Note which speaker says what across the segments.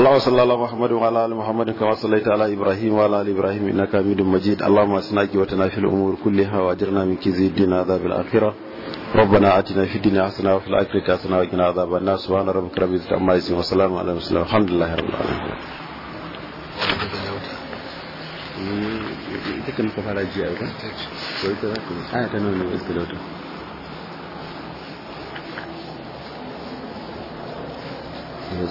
Speaker 1: اللهم صل على محمد وعلى ال محمد كما صليت على ابراهيم وعلى ال ابراهيم انك حميد مجيد اللهم اسنا وتنا في الامور كلها واجرنا من كيد الدين عذاب الاخره ربنا اتنا في الدنيا حسنه وفي الاخره حسنه وقنا عذاب النار سبحان ربك رب العزه عما يصفون وسلام على المرسلين الحمد لله رب العالمين ita kan kafa rajiya ko ita za ta ana ta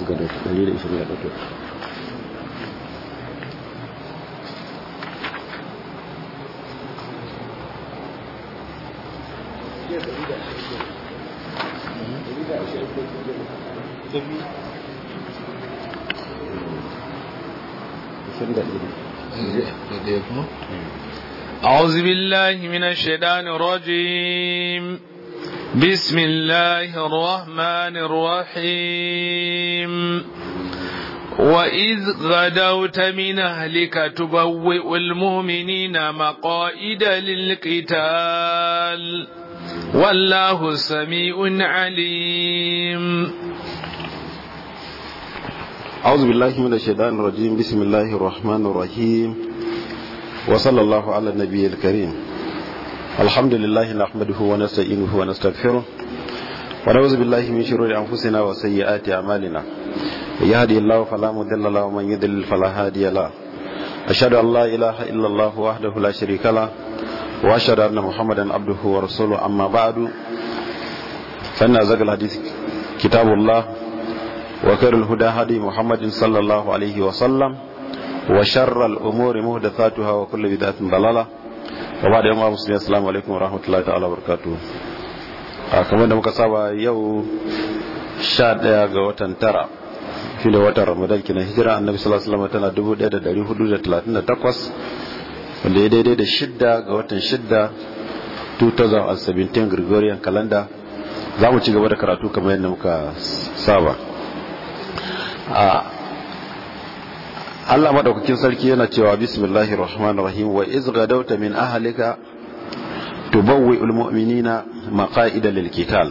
Speaker 1: takwas ga 124
Speaker 2: أعوذ بالله من الشيطان الرجيم بسم الله الرحمن الرحيم وإذ غدوت من أهلك تبوئ المؤمنين مقائد للقتال والله سميع عليم
Speaker 1: أعوذ بالله من الشيطان الرجيم بسم الله الرحمن الرحيم وصلى الله على النبي الكريم الحمد لله نحمده ونستعينه ونستغفره ونعوذ بالله من شرور أنفسنا وسيئات أعمالنا يهدي الله فلا مضل له ومن يضلل فلا هادي له أشهد أن لا إله إلا الله وحده لا شريك له وأشهد أن محمدا عبده ورسوله أما بعد فإن أزكى الحديث كتاب الله وخير الهدى هدي محمد صلى الله عليه وسلم وشر الأمور مهدثاتها وكل بدعة ضلالة gaba da yamma musulmi assalamu alaikum warahmatullahi ta'ala barkatu a kamar da muka saba yau sha daya ga watan tara fi da watan ramadan kina hijira annabi sallallahu alaihi wasallam tana 1438 wanda ya daidai da shidda ga watan shidda 2017 gregorian calendar za mu ci gaba da karatu kamar yadda muka saba Allah madaukakin sarki yana cewa bismillahir rahmanir rahim wa iz gadawta min ahlika tubawwi'ul mu'minina maqa'ida lil qital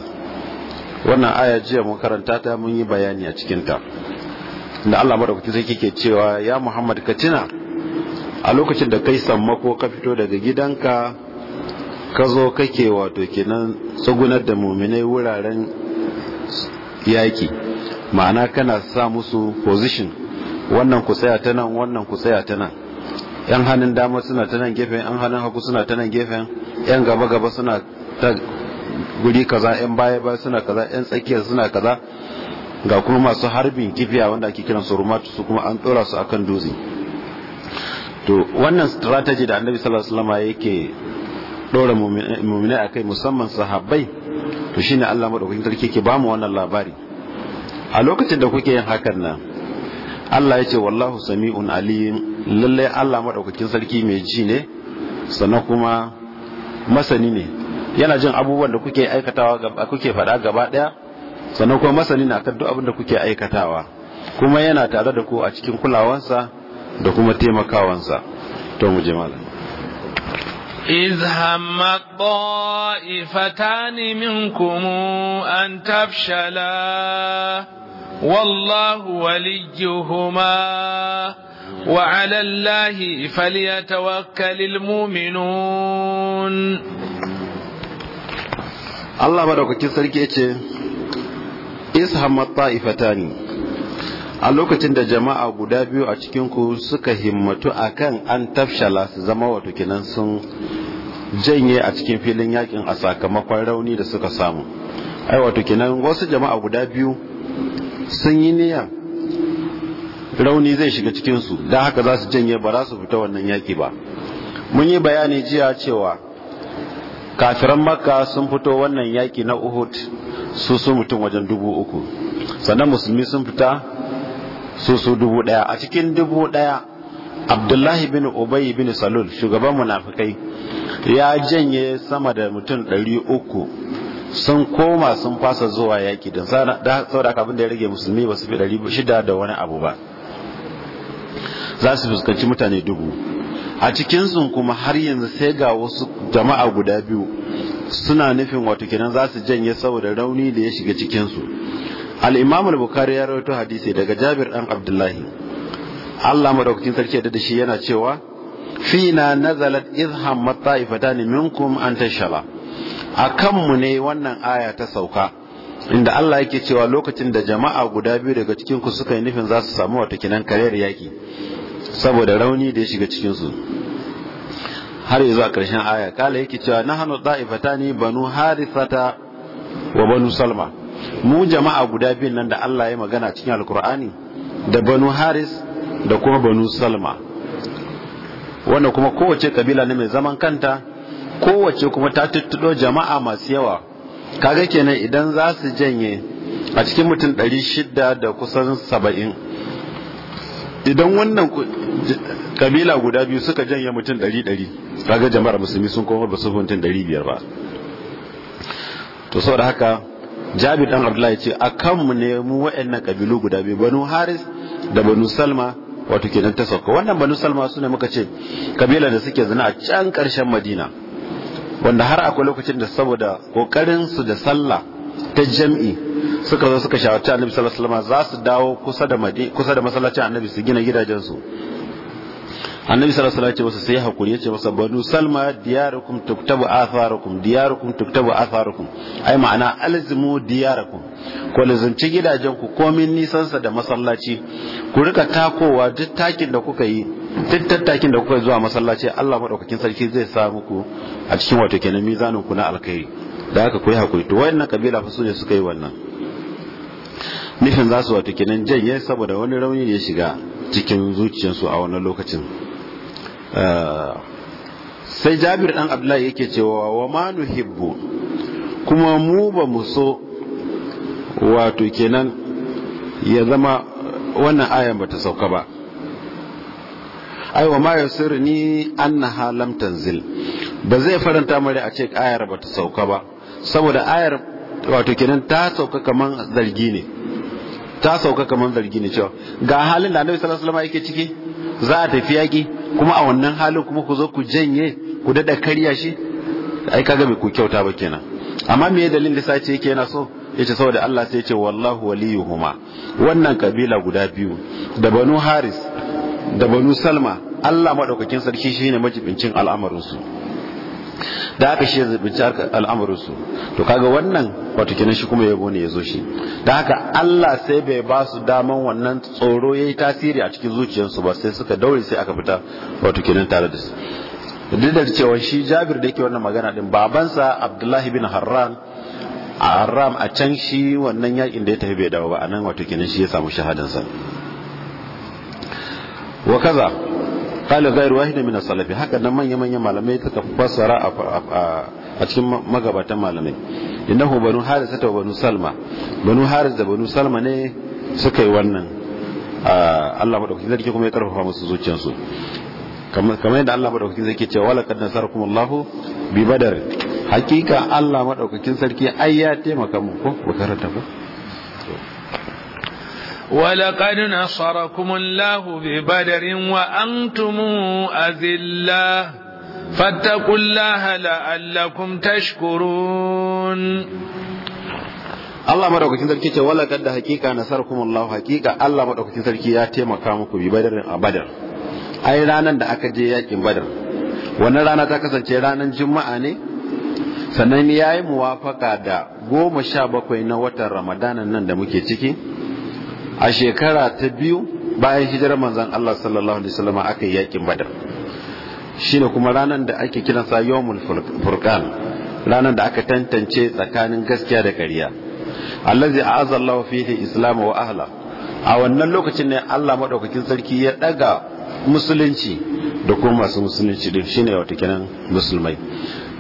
Speaker 1: wannan aya jiya mun karanta ta mun yi bayani a cikin ta da Allah madaukakin sarki ke cewa ya Muhammad ka tuna a lokacin da kai sammako ka fito daga gidanka ka zo kake wato kenan tsugunar da muminai wuraren yaki ma'ana kana sa musu position wannan ku tsaya ta nan wannan ku tsaya ta nan yan hannun dama suna ta nan gefen yan hannun hagu suna ta nan gefen yan gaba gaba suna ta guri kaza yan baya baya suna kaza yan tsakiyar suna kaza ga kuma masu harbin kifiya wanda ake kiran su rumatu su kuma an tsora su akan dutse to wannan strategy da annabi sallallahu alaihi wasallam yake dora mu'mina akai musamman sahabbai to shine Allah madaukakin sarki yake bamu wannan labari a lokacin da kuke yin hakan nan Allah ya ce wallahu sami'un alim lalle Allah madaukakin sarki mai ji ne sannan kuma masani ne yana jin abubuwan da kuke aikatawa kuke faɗa gaba ɗaya sannan kuma masani na kan duk abin da kuke aikatawa kuma yana tare da ku a cikin kulawansa da kuma taimakawansa to mu je malam
Speaker 2: إذ هم الطائفتان منكم أن تفشلا والله وليهما وعلى الله فليتوكل المؤمنون
Speaker 1: Allah madaukakin sarki yace ishammat ni. a lokacin da jama'a guda biyu a cikinku suka himmatu a kan an tafshala su zama wato sun janye a cikin filin yakin a sakamakon rauni da suka samu ai wato wasu jama'a guda biyu sun yi niyya rauni zai shiga cikinsu don haka za su janye ba za su fita wannan yaƙi ba mun yi bayani jiya cewa kafiran makka sun fito wannan yaƙi na uhud su su mutum wajen dubu uku sannan musulmi sun fita su su dubu ɗaya a cikin dubu ɗaya abdullahi bin ubay bin salul shugaban munafikai ya janye sama da mutum ɗari uku sun koma sun fasa zuwa yaki sau da haka abin da ya rage musulmi ba su fi ɗari shida da wani abu ba za su fuskanci mutane dubu a cikinsu kuma har yanzu sai ga wasu jama'a guda biyu suna nufin wato kenan za su janye saboda rauni da ya shiga cikinsu al al-bukhari ya rawaito hadisi daga jabir dan abdullahi Allah madaukakin sarki da shi yana cewa fina nazalat idh ne, min minkum an tashala a kanmu ne wannan aya ta sauka inda Allah yake cewa lokacin da jama'a guda biyu daga cikin suka yi nufin za su samu wata kinan karyar yaki saboda rauni da ya shiga cikin su har yanzu a ƙarshen aya kala yake cewa nahnu da'ifatani banu harisata wa banu salma mu jama'a guda biyun nan da Allah ya magana cikin alkur'ani da banu haris da kuma banu salma wannan kuma kowace kabila ne mai zaman kanta kowace kuma ta tattudo jama'a masu yawa kaga kenan idan za su janye a cikin mutum ɗari shida da kusan saba'in idan wannan kabila guda biyu suka janye mutum ɗari ɗari kaga jama'ar musulmi sun koma ba su mutum ɗari biyar ba to saboda haka jabi dan abdullahi ce a kanmu ne mu wa'annan kabilu guda biyu banu haris da banu salma wato kenan ta sauka wannan banu salma su ne muka ce kabila da suke zina a can ƙarshen madina wanda har akwai lokacin da saboda kokarin su da sallah ta jam'i suka zo suka shawarci annabi sallallahu alaihi wasallam za su dawo kusa da kusa da masallacin annabi su gina gidajen su annabi sallallahu alaihi wasallam ya sai hakuri yace masa banu salma diyarukum tuktabu atharukum diyarukum tuktabu atharukum ai ma'ana alzimu diyarakum ko lazanci gidajen ku komin nisan sa da masallaci ku rika takowa duk takin da kuka yi duk tattakin da kuka zuwa masallaci Allah madaukakin sarki zai sa muku a cikin wato kenan mizanin ku na alkhairi da haka ku yi hakuri to wayannan kabila fa suje ne suka yi wannan nufin za su wato kenan janye saboda wani rauni ne ya shiga cikin zuciyarsu a wannan lokacin Eh, sai jabir dan abdullahi yake cewa wa ma nuhibbu kuma mu ba mu so wato kenan ya zama wannan ayan bata sauka ba ai wa ma ni annaha lam tanzil ba zai faranta mare a ce ayar bata sauka ba saboda ayar wato kenan ta sauka kaman zargi ne ta sauka kaman zargi ne cewa ga halin da Annabi sallallahu alaihi wasallam yake ciki za a tafi yaƙi kuma a wannan halin kuma ku zo ku janye ku daɗa karya shi ai kaga mai ku kyauta ba kenan amma me dalilin da sace yake yana so yace saboda Allah sai yace wallahu waliyuhuma wannan kabila guda biyu da banu haris da banu salma Allah madaukakin sarki shine majibincin al'amarin su da haka shi ya zubinci al'amuransu to kaga wannan wato shi kuma yabo ne ya zo shi da haka Allah sai bai ba su daman wannan tsoro yayi tasiri a cikin zuciyarsu ba sai suka daure sai aka fita wato kenan tare da su duk da cewa shi Jabir da yake wannan magana din babansa Abdullahi bin Harran a Haram a can shi wannan yakin da ya tafi bai dawo ba anan wato kenan shi ya samu shahadansa wa kaza qala ghayr wahid min as-salafi haka nan manya manyan malamai suka fassara a cikin magabatan malamai innahu banu harisa ta banu salma banu haris da banu salma ne suka yi wannan Allah madaukakin sarki kuma ya karfafa masu zuciyarsu kamar yadda Allah madaukakin sarki ce wala kad nasarakum Allahu bi badar hakika Allah madaukakin sarki ai ya taimaka ko ku karanta ku
Speaker 2: ولقد نصركم الله ببدر وأنتم أذلة فاتقوا الله لعلكم تشكرون Allah madaukakin
Speaker 1: sarki ce wala da hakika nasarkum Allah hakika Allah madaukakin sarki ya taimaka muku bi badarin a badar ai ranan da aka je yakin badar wannan rana ta kasance ranan juma'a ne sannan ya yi muwafaka da goma sha bakwai na watan ramadanan nan da muke ciki a shekara ta biyu bayan hijirar manzan Allah sallallahu alaihi wasallam aka yi yakin badar ne kuma ranar da ake kiran kiransa yawon furkan ranar da aka tantance tsakanin gaskiya da ƙarya allazi a'azza Allahu da islamu wa ahla a wannan lokacin ne Allah madaukakin sarki ya ɗaga musulunci da kuma masu musulunci din shine wata kenan musulmai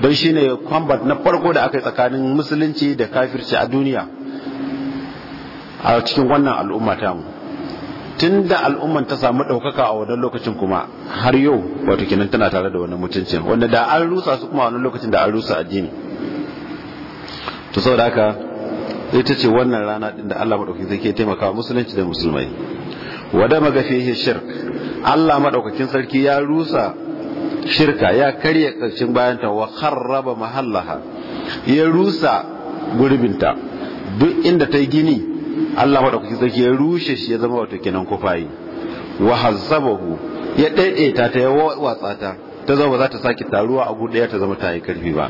Speaker 1: don shine combat na farko da aka yi tsakanin musulunci da kafirci a duniya a cikin wannan al'umma ta mu tun da al'umman ta samu ɗaukaka a wannan lokacin kuma har yau wato kinan tana tare da wannan mutuncin wanda da an rusa su kuma wannan lokacin da an rusa addini to saboda haka ita ce wannan rana din da Allah madaukakin sarki ke taimaka musulunci da musulmai wada magafihi shirk Allah madaukakin sarki ya rusa shirka ya karya ƙarshen bayanta wa kharraba mahallaha ya rusa gurbinta duk inda ta yi gini Allah madaukaki sarki ya rushe shi ya zama wato kenan kufayi wa hazzabahu ya daidaita ta ya watsa ta ta zama za ta sake taruwa a gudu ta zama ta yi karfi ba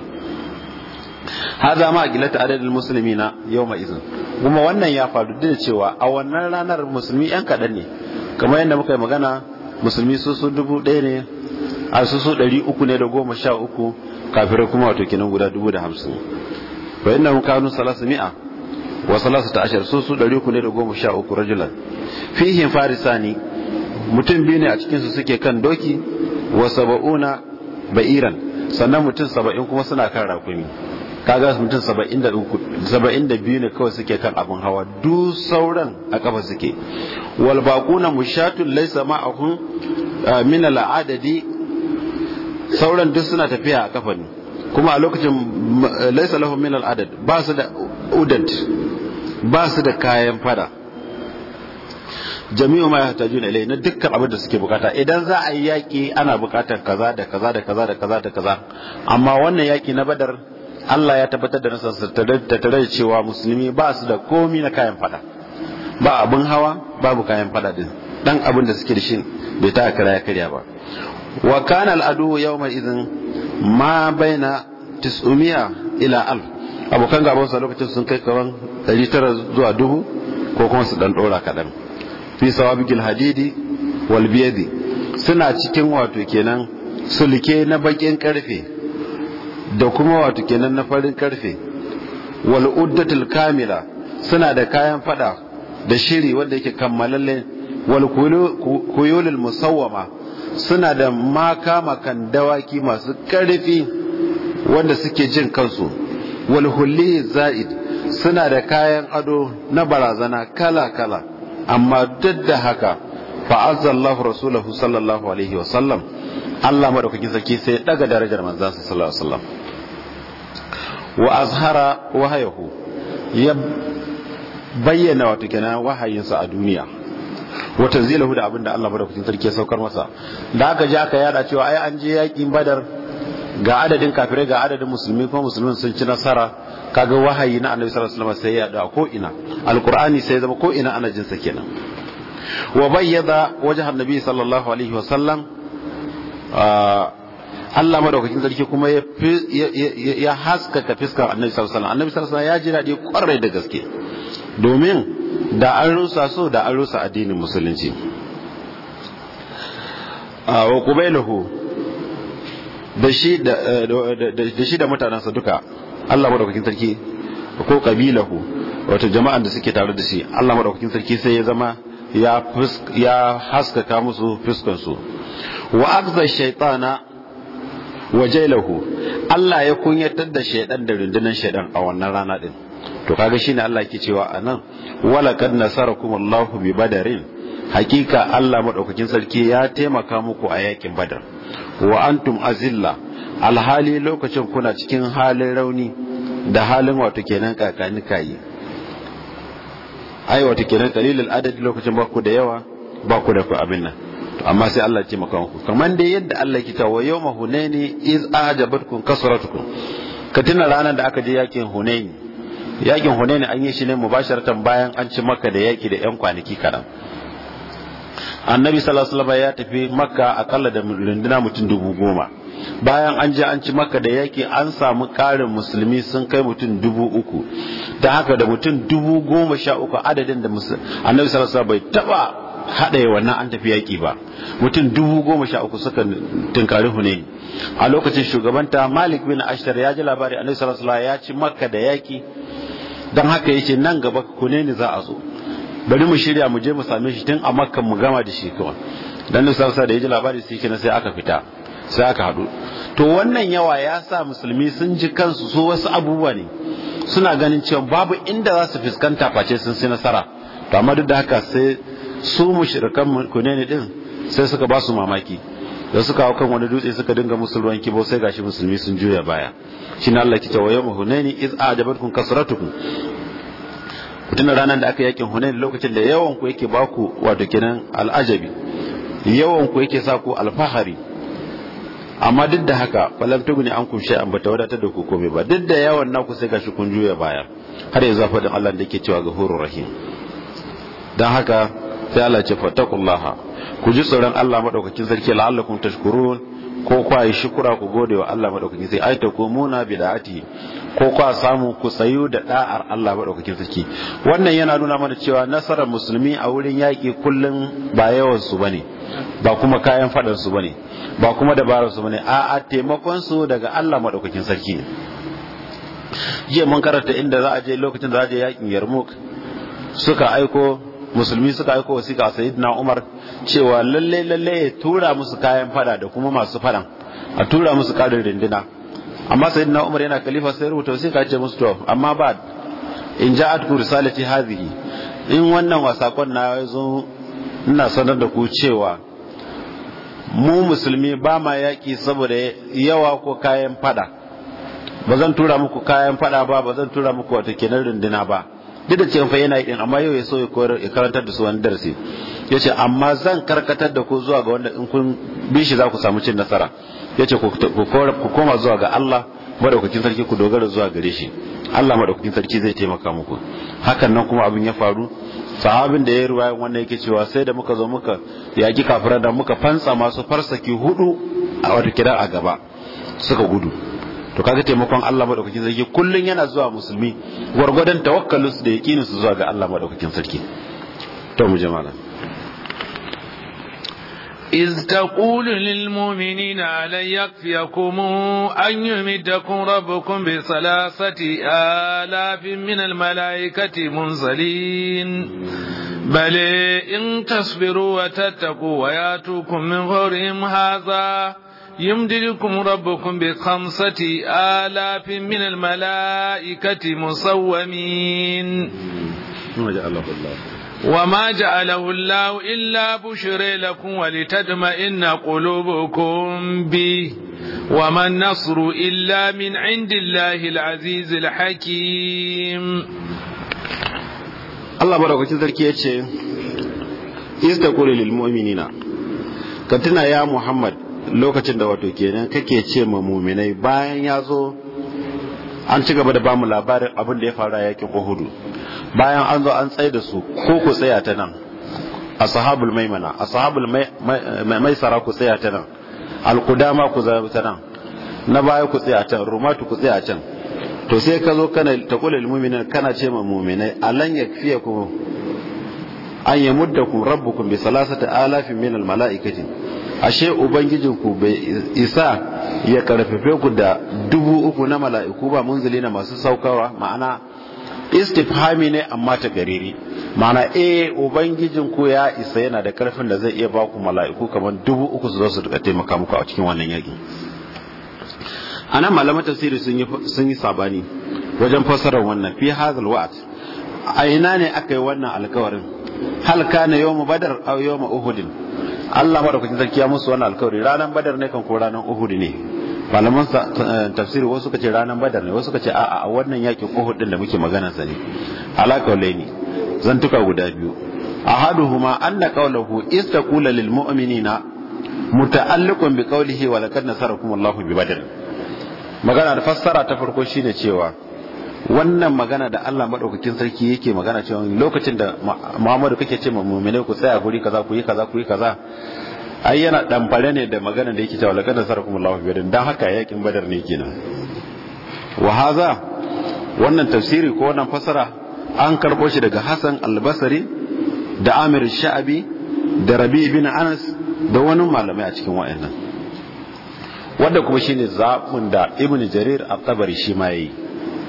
Speaker 1: hada ma gilata adadin musulmi na yau ma izin kuma wannan ya faru da cewa a wannan ranar musulmi yan kaɗan ne kamar yadda muka yi magana musulmi su su dubu ɗaya ne a su su ɗari uku ne da goma sha uku kafirai kuma wato kenan guda dubu da hamsin bayan mu kanu salasu mi'a wa salasata ashar sun su ɗari uku ne da goma sha uku rajulan farisa farisani mutum biyu ne a cikinsu suke kan doki wa saba'una ba'iran sannan mutum saba'in kuma suna kan rakumi kaga mutum saba'in da biyu ne kawai suke kan abin hawa du sauran a kafa suke wal baquna mushatun laysa ma'ahum eh, min al adadi sauran duk suna tafiya a kafa ne kuma a lokacin eh, laisa lahum min al adad ba su da udad ba su da kayan fada jami'u ma tajuna ilai na dukkan abin da suke bukata idan za a yi yaƙi ana bukatar kaza da kaza da kaza da kaza da kaza amma wannan yaƙi na badar Allah ya tabbatar da nasarsa ta tare cewa musulmi ba su da komi na kayan fada ba abin hawa babu kayan fada din dan abin da suke da shi bai ta kara ya karya ba wa kana al'adu yawma idhin ma baina 900 ila alf abokan gabansa lokacin sun kai kaman 900 zuwa 1000 ko kuma su dan dora kadan fi sawabigil hadidi wal biyadi suna cikin wato kenan sulke na bakin karfe da kuma wato kenan na farin karfe wal uddatul kamila suna da kayan fada da shiri wanda yake kammalalle wal kuyulul musawwama suna da makamakan dawaki masu karfi wanda suke jin kansu walhulli za'id suna da kayan ado na barazana kala kala amma duk da haka fa'azzallahu rasulahu sallallahu alaihi wa sallam Allah madaukakin sarki sai ya daga darajar manzon sallallahu alaihi wa sallam wa azhara wahayahu ya bayyana wato kenan sa a duniya wata zilahu da abinda Allah madaukakin sarki ya saukar masa da aka ji aka yada cewa ai an je yakin badar ga adadin kafirai ga adadin musulmi kuma musulmin sun ci nasara kaga wahayi na annabi sallallahu alaihi wasallam sai ya da ko ina alqur'ani sai zama ko ina ana jinsa kenan wa bayyada wajhan nabi sallallahu alaihi wasallam Allah madaukakin sarki kuma ya ya haskaka fiskar annabi sallallahu alaihi wasallam annabi sallallahu alaihi wasallam ya ji dadi kwarai da gaske domin da an rusa so da an rusa addinin musulunci wa qubailahu Eh, da shi da mutanensa duka Allah madaukakin sarki ko kabilahu wato jama'an da suke tare da shi Allah madaukakin sarki sai ya zama ya haskaka musu fuskan su wa akza shaytana wa Allah ya kunyatar da shaydan da rundunar shaidan a wannan rana din to kaga shine Allah yake cewa anan walaqad nasarakum Allahu bi badarin hakika Allah madaukakin sarki ya taimaka muku a yakin badar wa antum azilla alhali lokacin kuna cikin halin rauni da halin wato kenan kakani kayi ai wato kenan kalilul adad lokacin ba ku da yawa ba ku da ku abin nan amma sai Allah ya taimaka muku kaman dai yadda Allah ya ta wa yawma hunaini iz ajabatkum kasratukum ka tuna ranar da aka je yakin hunaini yakin hunaini an yi shi ne mubasharatan bayan an ci maka da yaki da yan kwanaki kaɗan annabi sallallahu alaihi wasallam ya tafi makka akalla da runduna mutum dubu goma bayan an je an ci makka da yaki an samu karin musulmi sun kai mutum dubu uku da haka da mutum dubu goma sha uku adadin da annabi sallallahu alaihi bai taba haɗa wannan an tafi yaki ba mutum dubu goma sha uku suka tunkari hune. a lokacin shugabanta malik bin ashtar ya ji labari annabi sallallahu alaihi ya ci makka da yaki don haka ya ce nan gaba kune ne za a zo bari mu shirya mu je mu same shi tun a Makka mu gama da shi kawai dan da sansa da yaji labari sai kina sai aka fita sai aka hadu to wannan yawa ya sa musulmi sun ji kansu su wasu abubuwa ne suna ganin cewa babu inda za su fuskanta face sun sai nasara to amma duk da haka sai su mushrikan kunene din sai suka ba su mamaki da suka hau kan wani dutse suka dinga musulmanki kibo sai gashi musulmi sun juya baya shi na Allah kita wa hunaini iz a'jabatkum kasratukum tun ranar da aka yakin hunain lokacin da yawan ku yake baku wato kenan al'ajabi yawan ku yake sa ku alfahari amma duk da haka falam tuguni an kun an bata wadatar da ku komai ba duk da yawan naku sai gashi kun juya baya har yanzu faɗin Allah da yake cewa ghafurur rahim dan haka sai Allah ce ku ji tsoron Allah madaukakin sarki la'allakum tashkurun ko kwaye shukura ku gode wa Allah madaukakin sai ai ta komuna bida'ati ko ku samu ku tsayu da da'ar Allah maɗaukakin sarki wannan yana nuna mana cewa nasarar musulmi a wurin yaƙi kullum ba yawan su bane ba kuma kayan faɗan su bane ba kuma dabarar su bane a'a taimakon su daga Allah maɗaukakin sarki ne jiya mun karanta inda za a je lokacin da za a je yaƙin Yarmouk suka aiko musulmi suka aiko wasiƙa a sayyidina umar cewa lalle lalle ya tura musu kayan fada da kuma masu fadan a tura musu ƙarin rindina amma sayyidina umar yana kalifa sai rubuta sai ka ce musu to amma ba in ja'atku risalati hadhihi in wannan wasakon na zo ina sanar da ku cewa mu musulmi ba ma yaƙi saboda yawa ko kayan fada ba zan tura muku kayan fada ba ba tura muku wata kenan runduna ba duk da cewa yana yi amma yau ya so ya karantar da su wani darasi yace ce amma zan karkatar da ku zuwa ga wanda in kun bi shi za ku samu cin nasara yace ku koma zuwa ga Allah maɗaukakin sarki ku dogara zuwa gare shi Allah madaukakin sarki zai taimaka muku hakan nan kuma abin ya faru sahabin da ya ruwayan wannan yake cewa sai da muka zo muka yaki kafiran da muka fansa masu farsaki hudu a wata kira a gaba suka gudu to kaga taimakon Allah madaukakin sarki kullum yana zuwa musulmi gwargwadon tawakkalus da yaqinin su zuwa ga Allah madaukakin sarki to mu jama'a
Speaker 2: إذ تقول للمؤمنين ألن يكفيكم أن يمدكم ربكم بثلاثة آلاف من الملائكة منزلين بل إن تصبروا وتتقوا وياتوكم من غورهم هذا يمددكم ربكم بخمسة آلاف من الملائكة مسومين ما الله وما جعله الله إلا بشر لكم ولتدمئن قلوبكم به وما النصر إلا من عند الله العزيز الحكيم
Speaker 1: الله بارك فيك يتشي يستقول للمؤمنين كتنا يا محمد لو da wato كينا كي يتشي ma باين يازو an ci gaba da bamu labarin abin da ya faru a yakin uhudu bayan an zo an tsaye da su ko ku tsaya ta nan ashabul maimana ashabul maisara ku tsaya ta nan alqudama ku zama ta nan na baya ku tsaya ta rumatu ku tsaya can to sai ka zo kana taqulul mu'minin kana ce ma mu'minai alan ku. an yamuddakum rabbukum bi salasata alafin min al mala'ikati ashe ubangijin ku bai isa ya karfafe ku da dubu uku na mala'iku ba munzili na masu saukawa ma'ana istifhami ne amma ta gariri ma'ana eh ubangijinku ya isa yana da karfin da zai iya ba ku mala'iku kamar dubu uku su zasu su taimaka muku a cikin wannan yaki a nan malaman tafsiri sun yi sabani wajen fassarar wannan fi hazal wa'at a ina ne aka yi wannan alkawarin hal kana yawm badar aw yawm uhud Allah kucin sarki ya musu wannan alkawari ranar badar ne kan ko ranar uhud ne malaman eh, tafsiri wasu suka ce ranar badar ne wasu suka ce a'a wannan yakin uhud din da muke magana sa ne alaka ne tuka guda biyu ahaduhuma anna qawluhu istaqula lil mu'minina muta'alliqun bi qawlihi wa laqad nasarakum Allahu bi badr magana da fassara ta farko shine cewa wannan magana da Allah madaukakin sarki yake magana cewa lokacin da Muhammadu kake ce ma mu'minai ku tsaya guri kaza ku yi kaza ku yi kaza ai yana damfare ne da magana da yake cewa laqad sarakumullahu bi dan haka yakin badar ne kenan wa haza wannan tafsiri ko wannan fasara an karɓo shi daga Hassan al-Basri da Amir Sha'abi da Rabi bin Anas da wani malamai a cikin wa'annan wanda kuma shine zabun da Ibn Jarir at-Tabari shi ma yi.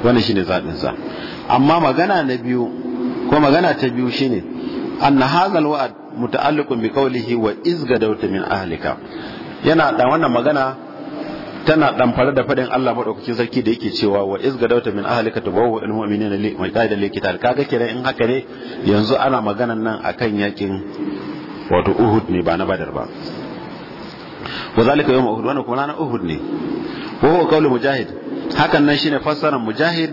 Speaker 1: shi shine zaɓin sa amma magana na biyu ko magana ta biyu shine anna hazal wa'ad muta'alliqun bi qawlihi wa izgadawta min ahlika yana da wannan magana tana fara da fadin Allah madaukakin sarki da yake cewa wa izgadawta min ahlika tabawu al mu'minina li maqaida li qital kaga kira in haka ne yanzu ana maganan nan akan yakin wato Uhud ne ba na Badar ba wa zalika yawm Uhud wannan kuma na Uhud ne wa huwa qawlu mujahid hakan nan shine fassarar mujahid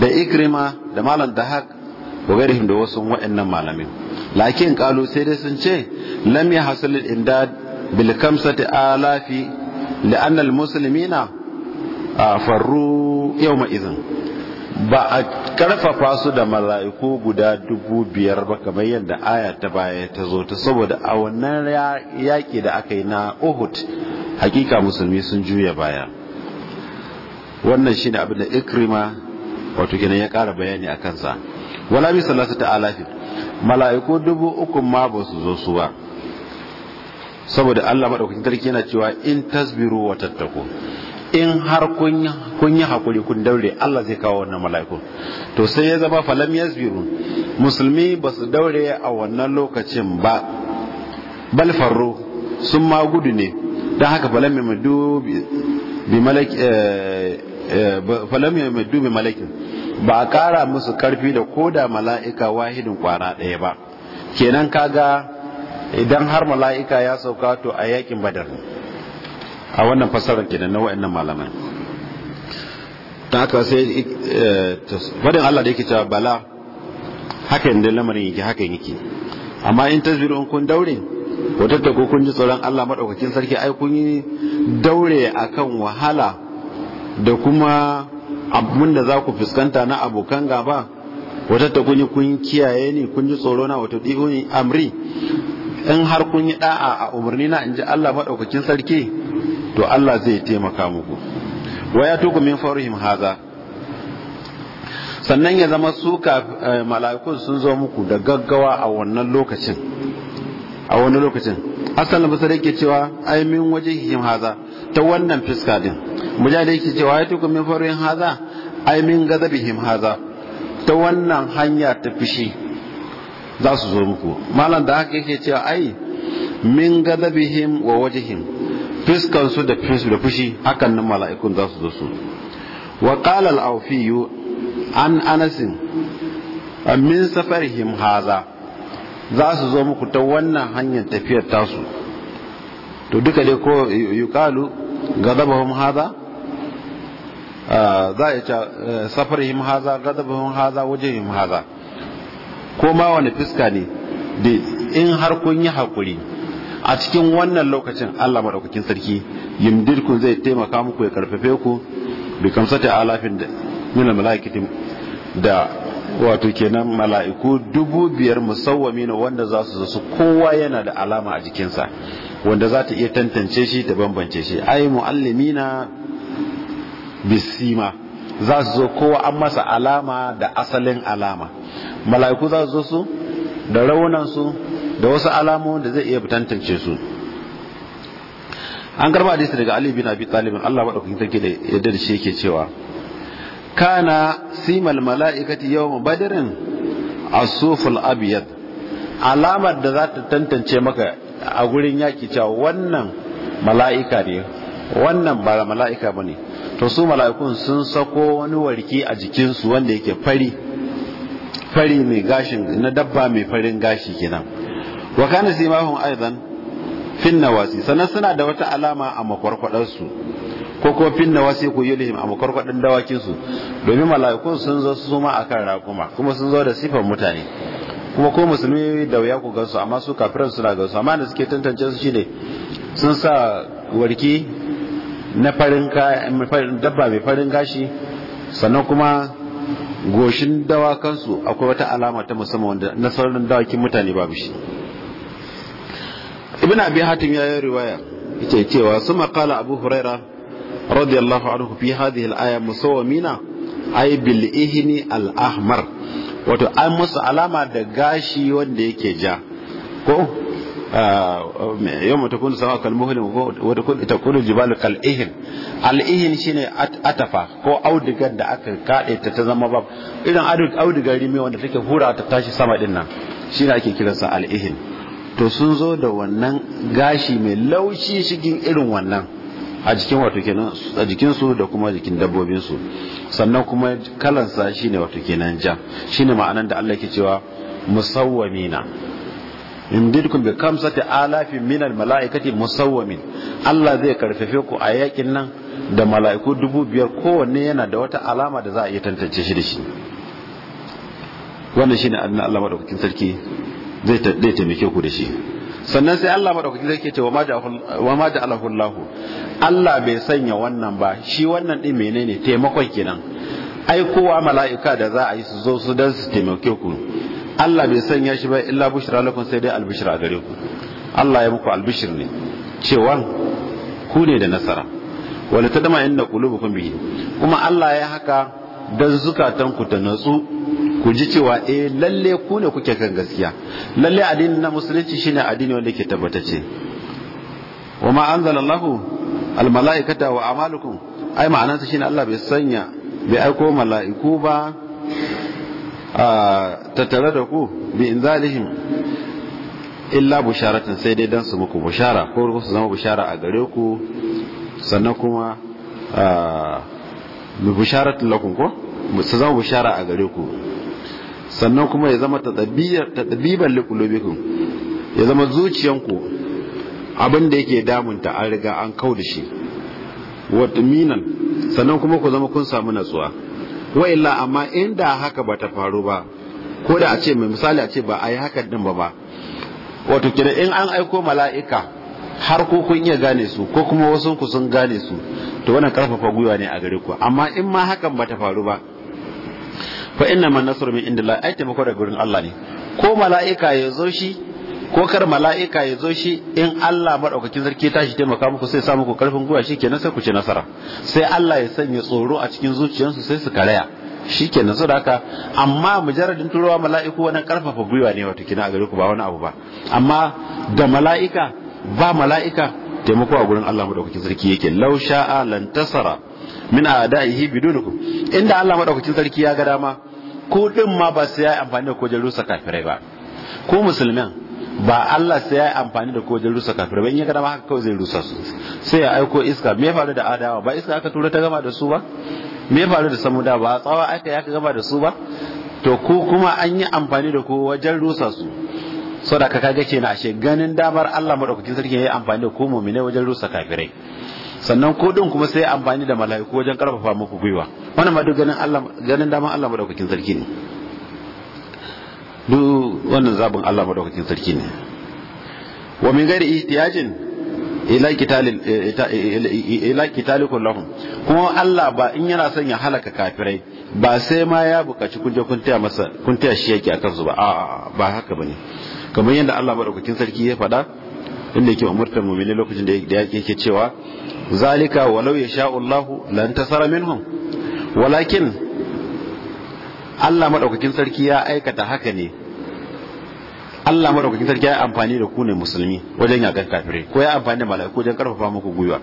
Speaker 1: da ikrima da malam da wa gairihim da wasu wa'annan malamin lakin kalu sai dai sun ce lam yahsul al-imdad bil kamsati alafi li'anna al-muslimina farru yawma ba a karfafa su da mala'iku guda dubu biyar ba kamar yadda aya ta baya ta zo ta saboda a wannan yaƙi da aka yi na uhud hakika musulmi sun juya baya wannan shine abin da ikrima wato kenan ya kara bayani a kansa wala bi salatu ta'ala fi mala'iku dubu uku ma ba su zo su ba saboda Allah madaukakin sarki yana cewa in tasbiru wa tattaku in har kun yi hakuri kun daure Allah zai kawo wannan mala'iku to sai ya zama falam yasbiru musulmi ba su daure a wannan lokacin ba bal farro sun ma gudu ne don haka falam yamdu bi malaki eh, eh, maddu bi malakin ba a kara musu karfi da koda mala'ika wahidin kwana ɗaya ba kenan kaga idan har mala'ika ya sauka to a yakin badar a wannan fasarar kenan na wa'annan malaman ta aka sai wadin eh, Allah da yake cewa bala haka inda lamarin yake haka yake amma in tasbiru kun daure ko kun ji tsoron Allah maɗaukakin sarki ai kun yi daure kan wahala da kuma abin da za ku fuskanta na abokan gaba kun yi kun kiyaye ni kun ji tsoro na wato ɗi'uni amri in har kun yi ɗa'a a umarni na in ji Allah maɗaukakin sarki to Allah zai taimaka muku waya ku min farihim haza sannan ya zama su eh, mala'ikun sun zo muku da gaggawa a wannan lokacin a wani lokacin hasan al-basri ke cewa ai min wajhihim haza ta wannan fiska din mujahid yake cewa ai tukum min farin haza ai min gadabihim haza ta wannan hanya ta fishi za su zo muku malam da haka yake cewa ai min gadabihim wa wajhihim fiskan su da fisu da fushi hakan nan mala'ikun za su zo su wa qala al-awfi an anasin min safarihim haza za su zo muku ta wannan hanyar tafiyar tasu to duka dai ko yuqalu gadabahum haza za a safar yi e, haza gadabahum haza yi haza ko ma wani fiska ne da in har kun yi hakuri a cikin wannan lokacin Allah maɗaukakin sarki yimdirku zai taimaka muku ya karfafe ku bi ta alafin da nuna mala'ikitin da wato kenan mala'iku dubu biyar musawwami na wanda za su su kowa yana da alama a jikinsa wanda za ta iya tantance shi ta bambance shi ai na bisima za su zo kowa an masa alama da asalin alama mala'iku za su zo su da raunansu da wasu alamu da zai iya tantance su an karba hadisi daga Ali bin Abi talibin Allah madaukakin sarki da yadda da shi yake cewa kana simal mala'ikati yawm badrin asuful abyad alamar da za ta tantance maka a gurin yaki cewa wannan mala'ika ne wannan ba mala'ika bane to su mala'ikun sun sako wani warki a jikinsu wanda yake fari fari mai gashin na dabba mai farin gashi kenan wa kana simahum aidan fin nawasi sannan suna da wata alama a su ko kuma finna na wasi ku lihim a makwarkwadin dawakin domin mala'ikun sun zo su ma a kan raƙuma kuma sun zo da sifan mutane kuma ko musulmi da wuya ku gansu amma su kafiran suna gansu amma da suke tantance su shine sun sa warki na farin dabba mai farin gashi sannan kuma goshin dawakansu akwai wata alama ta musamman wanda na sauran dawakin mutane babu shi ibn abi hatim ya yi riwaya yace cewa su maƙala abu huraira رضي anhu fi في هذه aya مصومين أي بالإهن الأحمر wato an musu alama da gashi wanda yake ja ko ah, yawma takunu sama jibalu atafa ko audigar da aka ta ta zama irin audigar wanda take hura ta tashi sama din nan ake kiransa al to sun zo da wannan gashi mai laushi shigin irin wannan a jikin wato kenan a jikin su da kuma jikin dabbobin su sannan kuma kalansa shine wato kenan ja shine ma'anan da Allah yake cewa musawwamina yumdidkum bi kamsati alafi min al malaikati musawwamin Allah zai karfafe ku a yakin nan da mala'iku dubu biyar kowanne yana da wata alama da za a iya tantance shi da shi wannan shine annabi Allah madaukakin sarki zai taimake ku da shi sannan sai Allah madaukakin sarki ce wa ma ja'alahu Allah Allah bai sanya wannan ba shi wannan ɗin menene taimakon kenan aikowa mala'ika da za a yi su zo su dan su taimake ku Allah bai sanya shi ba illa bushra lakum sai dai albishra gare ku Allah ya muku albishir ne cewa ku ne da nasara wala tadma inna qulubukum bihi kuma Allah ya haka dan zukatan ku ta natsu ku ji cewa eh lalle ku ne kuke kan gaskiya lalle addinin na musulunci shine addini wanda ke tabbatace wa ma anzalallahu almala'ikata wa amalukum ai ma'anarsa shine Allah bai sanya bai aiko mala'iku ba a tattare da ku bi inzalihim illa busharatan sai dai dan su muku bushara ko su zama bushara a gare ku sannan kuma bi busharatin lakum ko su zama bushara a gare ku sannan kuma ya zama tadabiban likulubikum ya zama zuciyanku abin da yake damunta an riga an kau da shi minan sannan kuma ku zama kun samu natsuwa wa illa amma inda haka ba ta faru ba ko da a ce mai misali a ce ba a yi haka din ba ba wato kira in an aiko mala'ika har ko kun iya gane su ko kuma wasu ku sun gane su to wannan karfafa gwiwa ne a gare ku amma in ma hakan ba ta faru ba fa inna man nasru min indillah ai taimako daga gurin Allah ne ko mala'ika ya zo shi ko kar mala'ika ya zo shi in Allah maɗaukakin sarki tashi taimaka muku sai samu muku karfin gwiwa shikenan sai ku ci nasara sai Allah ya sanya tsoro a cikin zuciyarsu sai su karaya shikenan su haka amma mujarradin turowa mala'iku wannan karfafa gwiwa ne wato kina a gare ku ba wani abu ba amma da mala'ika ba mala'ika taimako a gurin Allah maɗaukakin sarki yake law sha'a lan tasara min a'da'ihi bidunukum inda Allah maɗaukakin sarki ya ga dama ko din ma ba sai ya amfani da kojaru sa kafirai ba ko musulmin ba Allah sai ya yi amfani da kowajen rusa kafirai ba in ya gada ma haka kawai zai rusa su sai ya aiko iska me faru da adawa ba iska aka tura ta gama da su ba me faru da samuda ba tsawa aka ya gama da su ba to ku kuma an yi amfani da ku wajen rusa su da ka kage kenan ashe ganin damar Allah madaukakin sarki ya yi amfani da ku mu'mine wajen rusa kafirai sannan ko din kuma sai amfani da mala'iku wajen karfafa muku gwiwa wannan ma duk ganin Allah ganin damar Allah madaukakin sarki ne duk wannan zabin Allah madaukakin sarki ne wa min gairi ihtiyajin ila kitalil ila kitalikum lahum kuma Allah ba in yana son ya halaka kafirai ba sai ma ya bukaci kun je kun taya masa kun taya shi yake akan su ba a ba haka bane kamar yadda Allah madaukakin sarki ya faɗa inda yake umurtar mu'mini lokacin da yake cewa zalika walau yasha Allahu lan tasara minhum walakin Allah madaukakin sarki ya aikata haka ne Allah madaukakin sarki ya amfani da ku ne musulmi wajen yakar kafirai ko ya amfani da mala'iku wajen karfafa muku gwiwa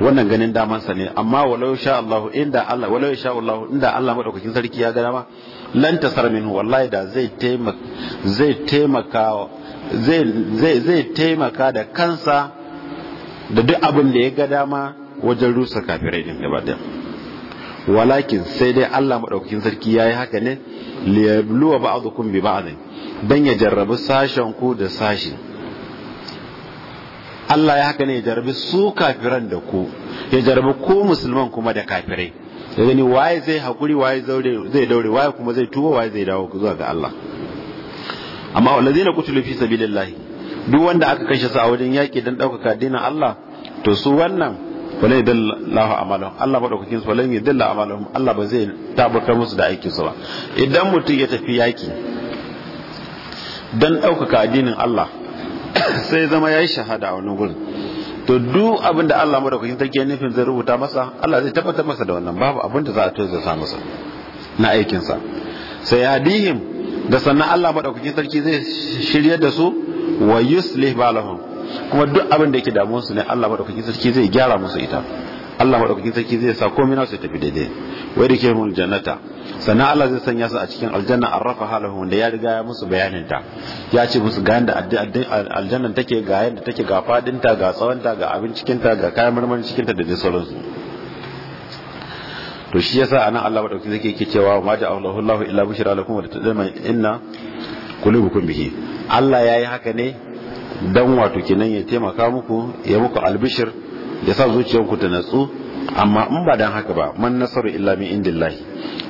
Speaker 1: wannan ganin daman sa ne amma walau sha Allah inda Allah walau sha Allah inda Allah madaukakin sarki ya ga dama lan tasar minhu wallahi da zai taimaka zai taimaka zai zai zai taimaka da kansa da duk abin da ya ga dama wajen rusa kafirai din gaba daya walakin sai dai Allah madaukakin sarki yayi haka ne liyabluwa ba'dukum bi ba'd dan ya jarrabi sashen ku da sashi Allah ya haka ne ya jarrabi su kafiran da ku ya jarrabi ku musulman kuma da kafirai ya gani waye zai hakuri waye zai daure waye kuma zai tuwo waye zai dawo zuwa ga Allah amma wallazina kutulu fi sabilillah duk wanda aka kashe su a wajen yaki dan daukaka dinin Allah to su wannan falai dallahu amalahum Allah dokokin su falai dalla amalahum Allah ba zai tabbata musu da aikin su ba idan mutum ya tafi yaki dan daukaka addinin Allah sai zama yayi shahada a wani gurin to du abinda Allah madaukakin sarki ya nufin zai rubuta masa Allah zai tabbatar masa da wannan babu abinda za a tozo sa masa na aikin sa sai hadihim da sannan Allah dokokin sarki zai shirye da su wa yuslih balahum kuma duk abin da yake damuwar su ne Allah madaukakin sarki zai gyara musu ita Allah madaukakin sarki zai sa komai nasu tafi daidai wai da ke mun jannata sannan Allah zai sanya su a cikin aljanna arrafa halahu wanda ya riga ya musu bayanin ta ya ce musu ga yanda aljannan take ga yadda take ga fadin ta ga tsawon ta ga abin cikin ta ga kayan marmarin cikin ta da dai sauransu to shi yasa anan Allah madaukakin sarki yake cewa ma ja'alahu Allahu illa bushra lakum wa tadama inna qulubukum bihi Allah yayi haka ne Dan wato kenan ya taimaka muku ya muku albishir ya sa zuciyarku ta natsu amma in ba dan haka ba man nasaru illa min indillahi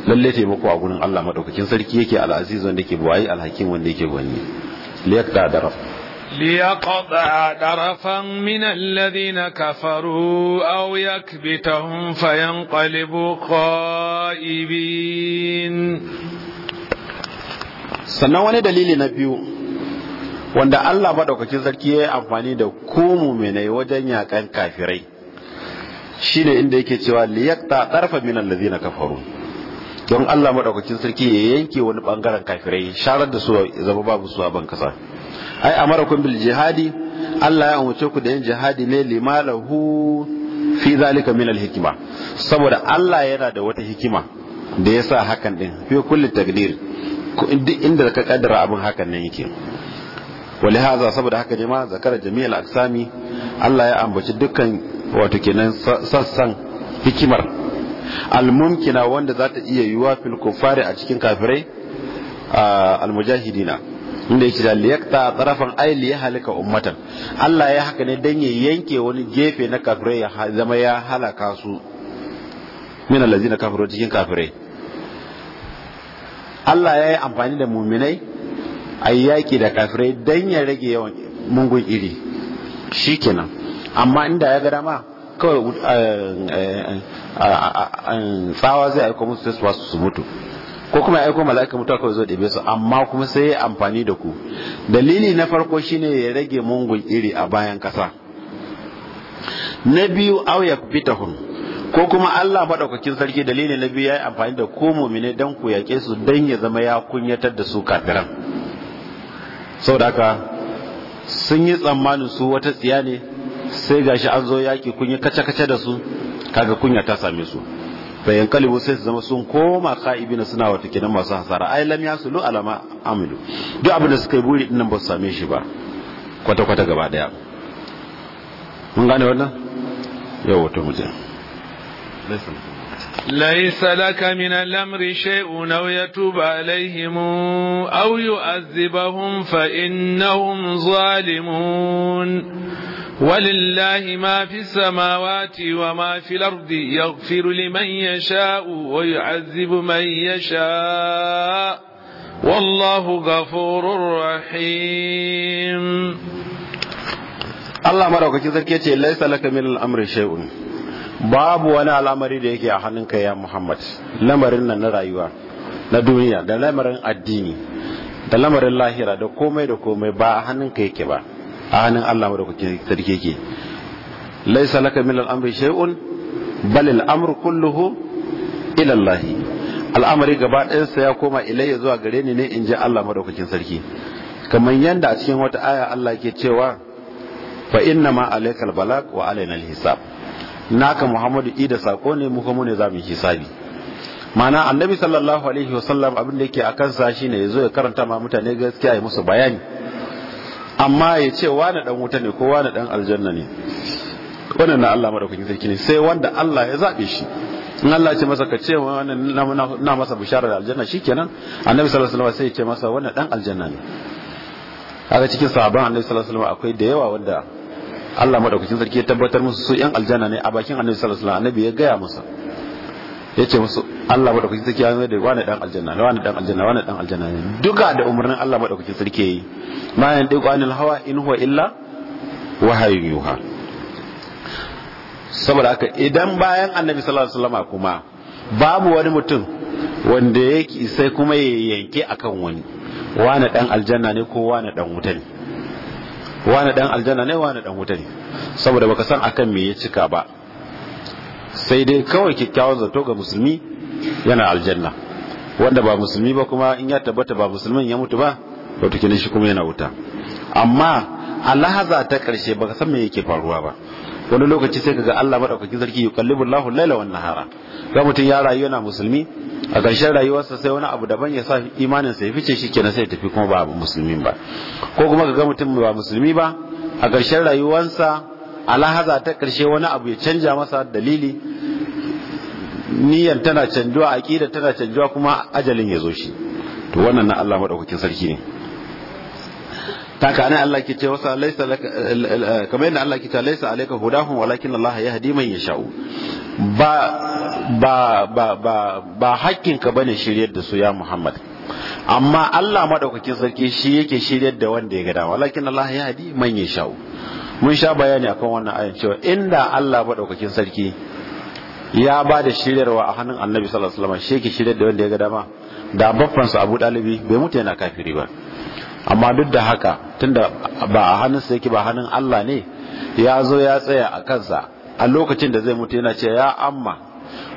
Speaker 1: lalle taimako a gurin Allah madaukakin sarki yake al'aziz wanda yake buwayi alhakim wanda yake gwani liyaqta daraf
Speaker 2: liyaqta darafan min alladhina kafaru aw yakbitahum fayanqalibu qa'ibin
Speaker 1: sannan wani dalili na biyu wanda Allah maɗaukakin sarki ya yi amfani da ku muminai wajen yakan kafirai shi ne inda yake cewa liyakta tarfa min na kafaru don Allah maɗaukakin sarki ya yanke wani bangaren kafirai sharar da su zama babu su a ban kasa ai mara bil jihadi Allah ya umarce ku da yin jihadi ne limalahu fi zalika min hikima saboda Allah yana da wata hikima da ya sa hakan din fi kulli takdir inda ka kaddara abin hakan nan yake wali haza saboda haka ma zakara jami'al aksami Allah ya ambaci dukkan wato kenan sassan hikimar almumkina wanda za ta iya yiwa fil kufari a cikin kafirai almujahidina inda yake da liyakta tarafan aili ya halaka ummatan Allah ya haka ne dan ya yanke wani gefe na kafirai ya zama ya halaka su min allazina kafaru cikin kafirai Allah ya yi amfani da muminai a yi yaƙi da kafirai don ya rage yawan mungun iri shi kenan amma inda ya gada ma kawai eh, eh, eh, tsawa zai aiko musu sai su mutu ko kuma aiko mala'ika a kawai zo ɗebe su amma kuma sai ya amfani da ku dalili na farko shine ya rage mungun iri a bayan kasa na biyu au ya fitahun ko kuma Allah maɗaukakin sarki dalili na biyu ya yi amfani da ko mumine don ku yaƙe su don ya zama ya kunyatar da su kafiran saboda haka sun yi tsammanin su wata tsiya ne sai gashi an zo yaƙi kun yi kace-kace da su kaga kunya ta same su bayan kalibu sai su zama sun koma ka'ibi na suna wata kinan masu hasara ai lam yasulu alama amilu duk abin da suka yi buri dinnan ba su same shi ba kwata-kwata gaba daya mun gane wannan yau wato mu je
Speaker 2: ليس لك من الأمر شيء أو يتوب عليهم أو يؤذبهم فإنهم ظالمون ولله ما في السماوات وما في الأرض يغفر لمن يشاء ويعذب من يشاء والله غفور رحيم الله
Speaker 1: مرحبا كذلك يتي ليس لك من الأمر شيء babu wani al'amari da yake a hannunka ya muhammad lamarin nan na rayuwa na duniya da lamarin addini da lamarin lahira da komai da komai ba a hannunka yake ba a hannun allah da kuke sarki yake laisa laka min al'amri shay'un bal al'amru kulluhu ila allah al'amari gaba ɗayansa ya koma ilayya zuwa gare ni ne in ji allah madaukakin sarki kamar yadda a cikin wata aya allah ke cewa fa inna ma alaikal balak wa alaina hisab naka muhammadu ida sako ne mu kuma ne za mu hisabi ma'ana annabi sallallahu alaihi wasallam abin da yake a sa shine yazo ya karanta ma mutane gaskiya ya musu bayani amma ya ce wani dan wuta ne ko wani dan aljanna ne wannan na Allah madaukakin sarki ne sai wanda Allah ya zabe shi in Allah ya ce masa ka ce wannan na masa bishara da aljanna shikenan annabi sallallahu alaihi wasallam sai ya ce masa wannan dan aljanna ne kaga cikin sahabban annabi sallallahu alaihi wasallam akwai da yawa wanda Allah madaukakin sarki ya tabbatar musu su yan aljanna ne a bakin annabi sallallahu alaihi wasallam annabi ya gaya musu yace musu Allah madaukakin sarki ya mai da wani dan aljanna wani dan aljanna wani dan aljanna ne duka da umarnin Allah madaukakin sarki yayi ma yan dai qanil hawa in huwa illa wahayu yuha saboda haka idan bayan annabi sallallahu alaihi wasallam kuma babu wani mutum wanda yake sai kuma ya yanke akan wani wani dan aljanna ne ko wani dan wuta ne wani dan aljanna ne wani dan wuta ne saboda baka san akan me ya cika ba sai dai kawai kyakkyawar zato ga musulmi yana aljanna wanda ba musulmi ba kuma in ya tabbata ba musulmin ya mutu ba wato shi kuma yana wuta amma a lahaza ta karshe baka san me yake faruwa ba wani lokaci sai kaga Allah madaukakin sarki yuqallibu Allahu laila wan nahara ga mutun ya rayu yana musulmi a ƙarshen rayuwarsa sai wani abu daban ya sa imanin sa ya fice shi kenan sai ya tafi kuma ba musulmi ba ko kuma kaga mutum ba musulmi ba a ƙarshen rayuwarsa lahaza ta ƙarshe wani abu ya canja masa dalili niyyar tana canjuwa aqida tana canjuwa kuma ajalin ya zo shi to wannan na Allah madaukakin sarki ne taka ne Allah ke ce wasa laisa eh, kamar yadda Allah ke ce laisa alayka hudahum walakin Allah yahdi man yasha'u ba ba ba ba ba hakkin ka bane shiryar da su ya Muhammad amma Allah madaukakin sarki shi yake shiryar da wanda ya ga dama walakin Allah yahdi man sha'u mun sha bayani akan wannan ayan cewa inda Allah madaukakin sarki ya ba da shiryarwa a hannun Annabi sallallahu alaihi wasallam shi yake shiryar da wanda ya ga dama da babban sa Abu Dalibi bai mutu yana kafiri ba amma duk da haka tunda ba a hannunsa yake ba hannun Allah ne ya zo ya tsaya a kansa a lokacin da zai mutu yana ce ya amma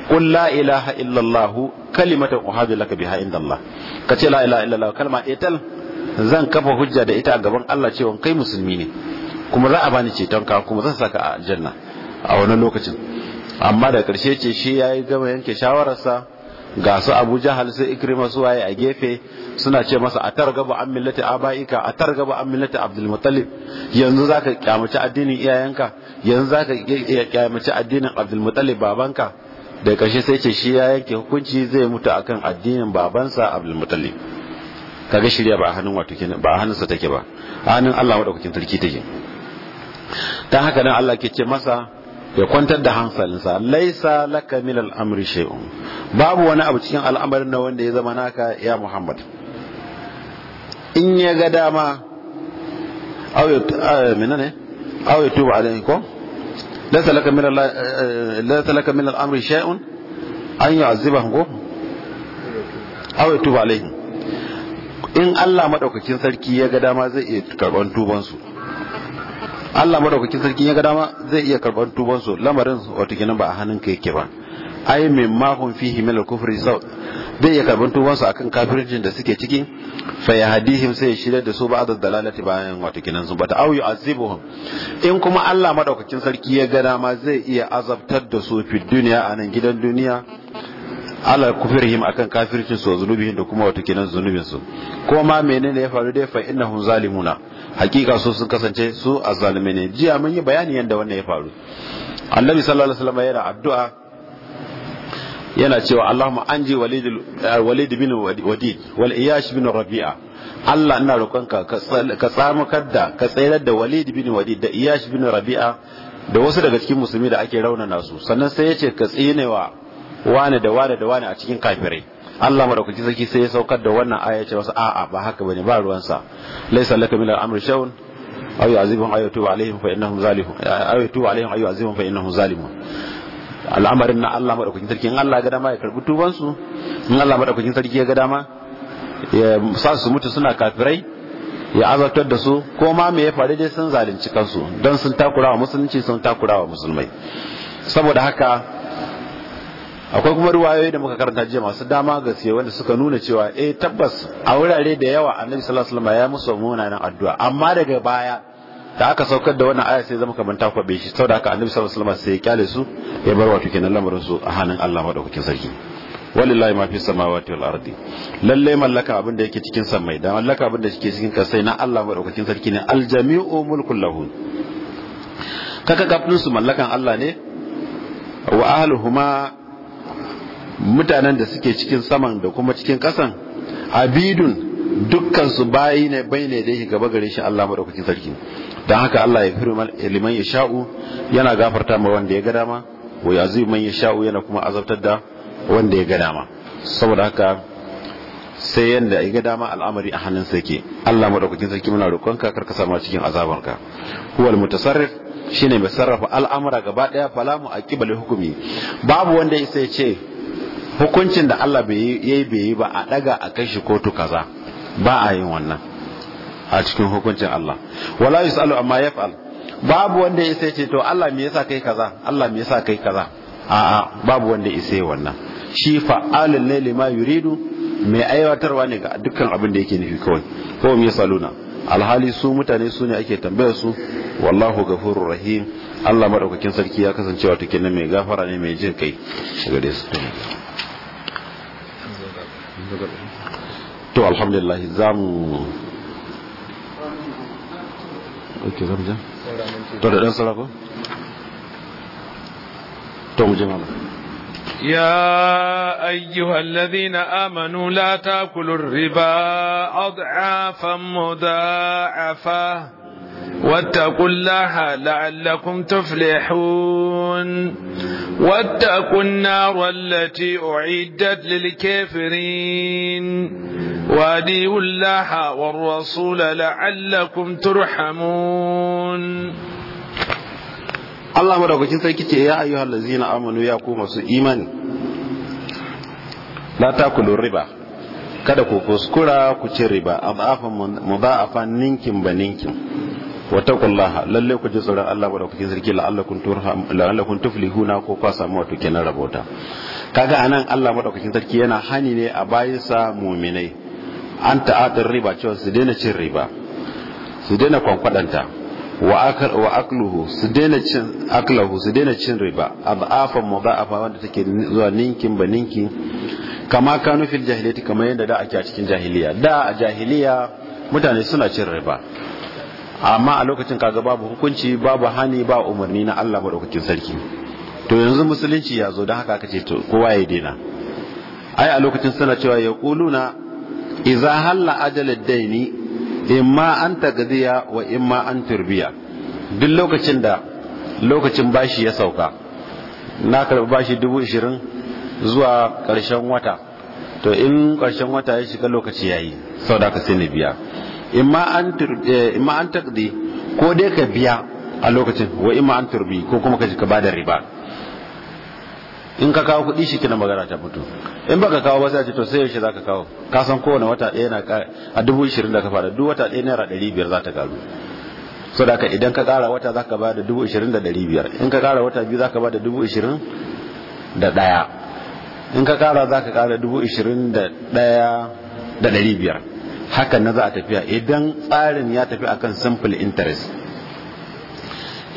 Speaker 1: qul la ilaha illallah kalimatan uhadu laka biha inda Allah ka ce la ilaha illallah kalma etal zan kafa hujja da ita a gaban Allah cewa kai musulmi ne kuma za a bani ceton ka kuma zan saka a janna a wani lokacin amma da karshe ce shi yayi gama yanke shawararsa ga su abu jahal sai ikrima su waye a gefe suna ce masa a targaba an millati abaika a targaba an millati abdul muttalib yanzu zaka kyamaci addinin iyayenka yanzu zaka kyamaci addinin abdul muttalib babanka da kashe sai ce shi ya yanke hukunci zai mutu akan addinin babansa abdul muttalib kaga shirya ba a hannun wato ba a hannunsa take ba a hannun Allah madaukakin sarki take dan haka nan Allah ke ce masa ya kwantar da hansalinsa laisa laka min al'amri shay'un babu wani abu cikin al'amarin na wanda ya zama naka ya Muhammad in ya ga dama aw mina ne aw yatubu alayhi ko laisa laka min eh, eh, laisa laka min al'amri shay'un an yu'azzibahum ko aw tuba alayhi in Allah madaukakin sarki ya ga dama zai iya karban tubansu Allah madaukakin sarki ya ga dama zai iya karban tuban su lamarin wato kenan ba a hannun ka yake ba ai mai ma hum fihi min al-kufri zai iya karban tuban su akan kafirjin da suke ciki fa hadihim sai shirya da su ba da dalalati bayan wato kenan sun bata au yu'azibuhum in kuma Allah madaukakin sarki ya ga dama zai iya azabtar da su fi duniya anan gidan duniya ala kufirihim akan kafircin su zunubihin da kuma wata kenan zunubin su ko ma menene ya faru da fa innahum zalimuna hakika su sun kasance su azzalime ne jiya mun yi bayani yanda wannan ya faru annabi sallallahu alaihi wasallam yana addu'a yana cewa Allahumma anji walid eh, walid bin wadid wal iyash bin rabi'a Allah ina roƙonka ka tsamukar da ka tsayar da walid bin wadid da iyash bin rabi'a da wasu daga cikin musulmi da ake raunana su sannan sai ya ce ka tsinewa wane da wane da wane a cikin kafirai Allah madaukaki sarki sai ya saukar da wannan aya ce wasu a'a ba haka bane ba ruwan sa laysa laka min al-amri shaun aw yu'azibuhum aw yatubu alaihim fa innahum zalimun aw yatubu alaihim aw yu'azibuhum fa innahum zalimun al'amarin na Allah madaukakin sarki in Allah ga dama ya karbi tuban su in Allah madaukakin sarki ya ga dama ya sa su mutu suna kafirai ya azabtar da su ko ma me ya faru dai sun zalunci kansu don sun takurawa musulunci sun takurawa musulmai saboda haka akwai kuma ruwayoyi da muka karanta jiya masu dama gaske wanda suka nuna cewa eh tabbas a wurare da yawa annabi sallallahu alaihi wasallam ya musu munanan addu'a amma daga baya da aka saukar da wannan aya sai zama kamar ta kwabe shi saboda haka annabi sallallahu alaihi wasallam sai ya kyale su ya bar wato kenan lamarin su a hannun Allah madaukakin sarki walillahi ma fi samawati wal ardi lalle mallaka abin da yake cikin samai da mallaka abin da yake cikin kasai na Allah madaukakin sarki ne aljami'u mulkul lahu kaka kafin su mallakan Allah ne wa ahluhuma mutanen da suke cikin saman da kuma cikin kasan abidun dukkan su bayi ne bai ne da gaba gare shi Allah madaukakin sarki don haka Allah ya firma liman ya sha'u yana gafarta ma wanda ya ga dama wa ya man ya sha'u yana kuma azabtar da wanda ya ga dama saboda haka sai yanda ya ga dama al'amari a hannun sa yake Allah madaukakin sarki muna roƙonka kar ka sama cikin azabar azabarka huwal mutasarrif shine mai sarrafa al'amura gaba daya fala mu aqibali hukumi babu wanda ya ce hukuncin da Allah bai yi ba a daga a kai shi kotu kaza ba a yin wannan a cikin hukuncin Allah wala yusalu amma yaf'al babu wanda ya sai ce to Allah me yasa kai kaza Allah me yasa kai kaza a'a babu wanda ya sai wannan shi fa'alun ne lima yuridu mai aiwatarwa ne ga dukkan abin da yake nufi kawai ko me saluna alhali su mutane su ne ake tambayar su wallahu ghafurur rahim Allah madaukakin sarki ya kasancewa take ne mai gafara ne mai jin kai gare su to alhamdulillah za mu ok za mu ja to da ɗan sarako to mu
Speaker 2: يا أيها الذين آمنوا لا تأكلوا الربا أضعافا مضاعفا واتقوا الله لعلكم تفلحون واتقوا النار التي أعدت للكافرين واديوا الله والرسول لعلكم ترحمون
Speaker 1: Allah madaukakin sarki ce ya ayyuha allazina amanu ya ku masu imani la takulu riba kada ku kuskura ku ci riba adafan mudafan ninkin ba ninkin wattaqullaha lalle ku ji tsoron Allah madaukakin sarki la'allakum kun la'allakum tuflihuna ko kwa samu wato kenan rabota kaga anan Allah madaukakin sarki yana hani ne a bayansa mu'minai an ta'atar riba cewa su daina cin riba su daina kwankwadanta wa akluhu su daina cin aklahu su daina cin riba a mudafa wanda take zuwa ninkin ba ninkin kama kanu fil jahiliyati kamar yadda da ake a cikin jahiliya da a jahiliya mutane suna cin riba amma a lokacin kaga babu hukunci babu hani ba umarni na Allah madaukakin sarki to yanzu musulunci ya zo don haka aka ce kowa ya daina ai a lokacin suna cewa ya kuluna iza halla ajalid daini imma an tagadiya wa imma an turbiya duk lokacin da lokacin bashi ya sauka na karɓi bashi dubu ishirin zuwa ƙarshen wata to in ƙarshen wata ya shiga lokaci ya yi sau da aka sai na biya imma an eh, imma an taqdi ko dai ka biya a lokacin wa imma an turbi ko kuma ka ka bada riba in ka kawo kuɗi kina magana ta mutu in baka kawo ba sai ce to sai yaushe zaka kawo ka san kowane wata ɗaya na a dubu ishirin da ka fara duk wata ɗaya naira ɗari biyar za ta karu so da idan ka kara wata zaka ba da dubu ishirin da ɗari biyar in ka kara wata biyu zaka ba da dubu ishirin da ɗaya in ka kara zaka kara dubu ishirin da ɗaya da ɗari biyar hakan na za a tafiya idan tsarin ya tafi akan simple interest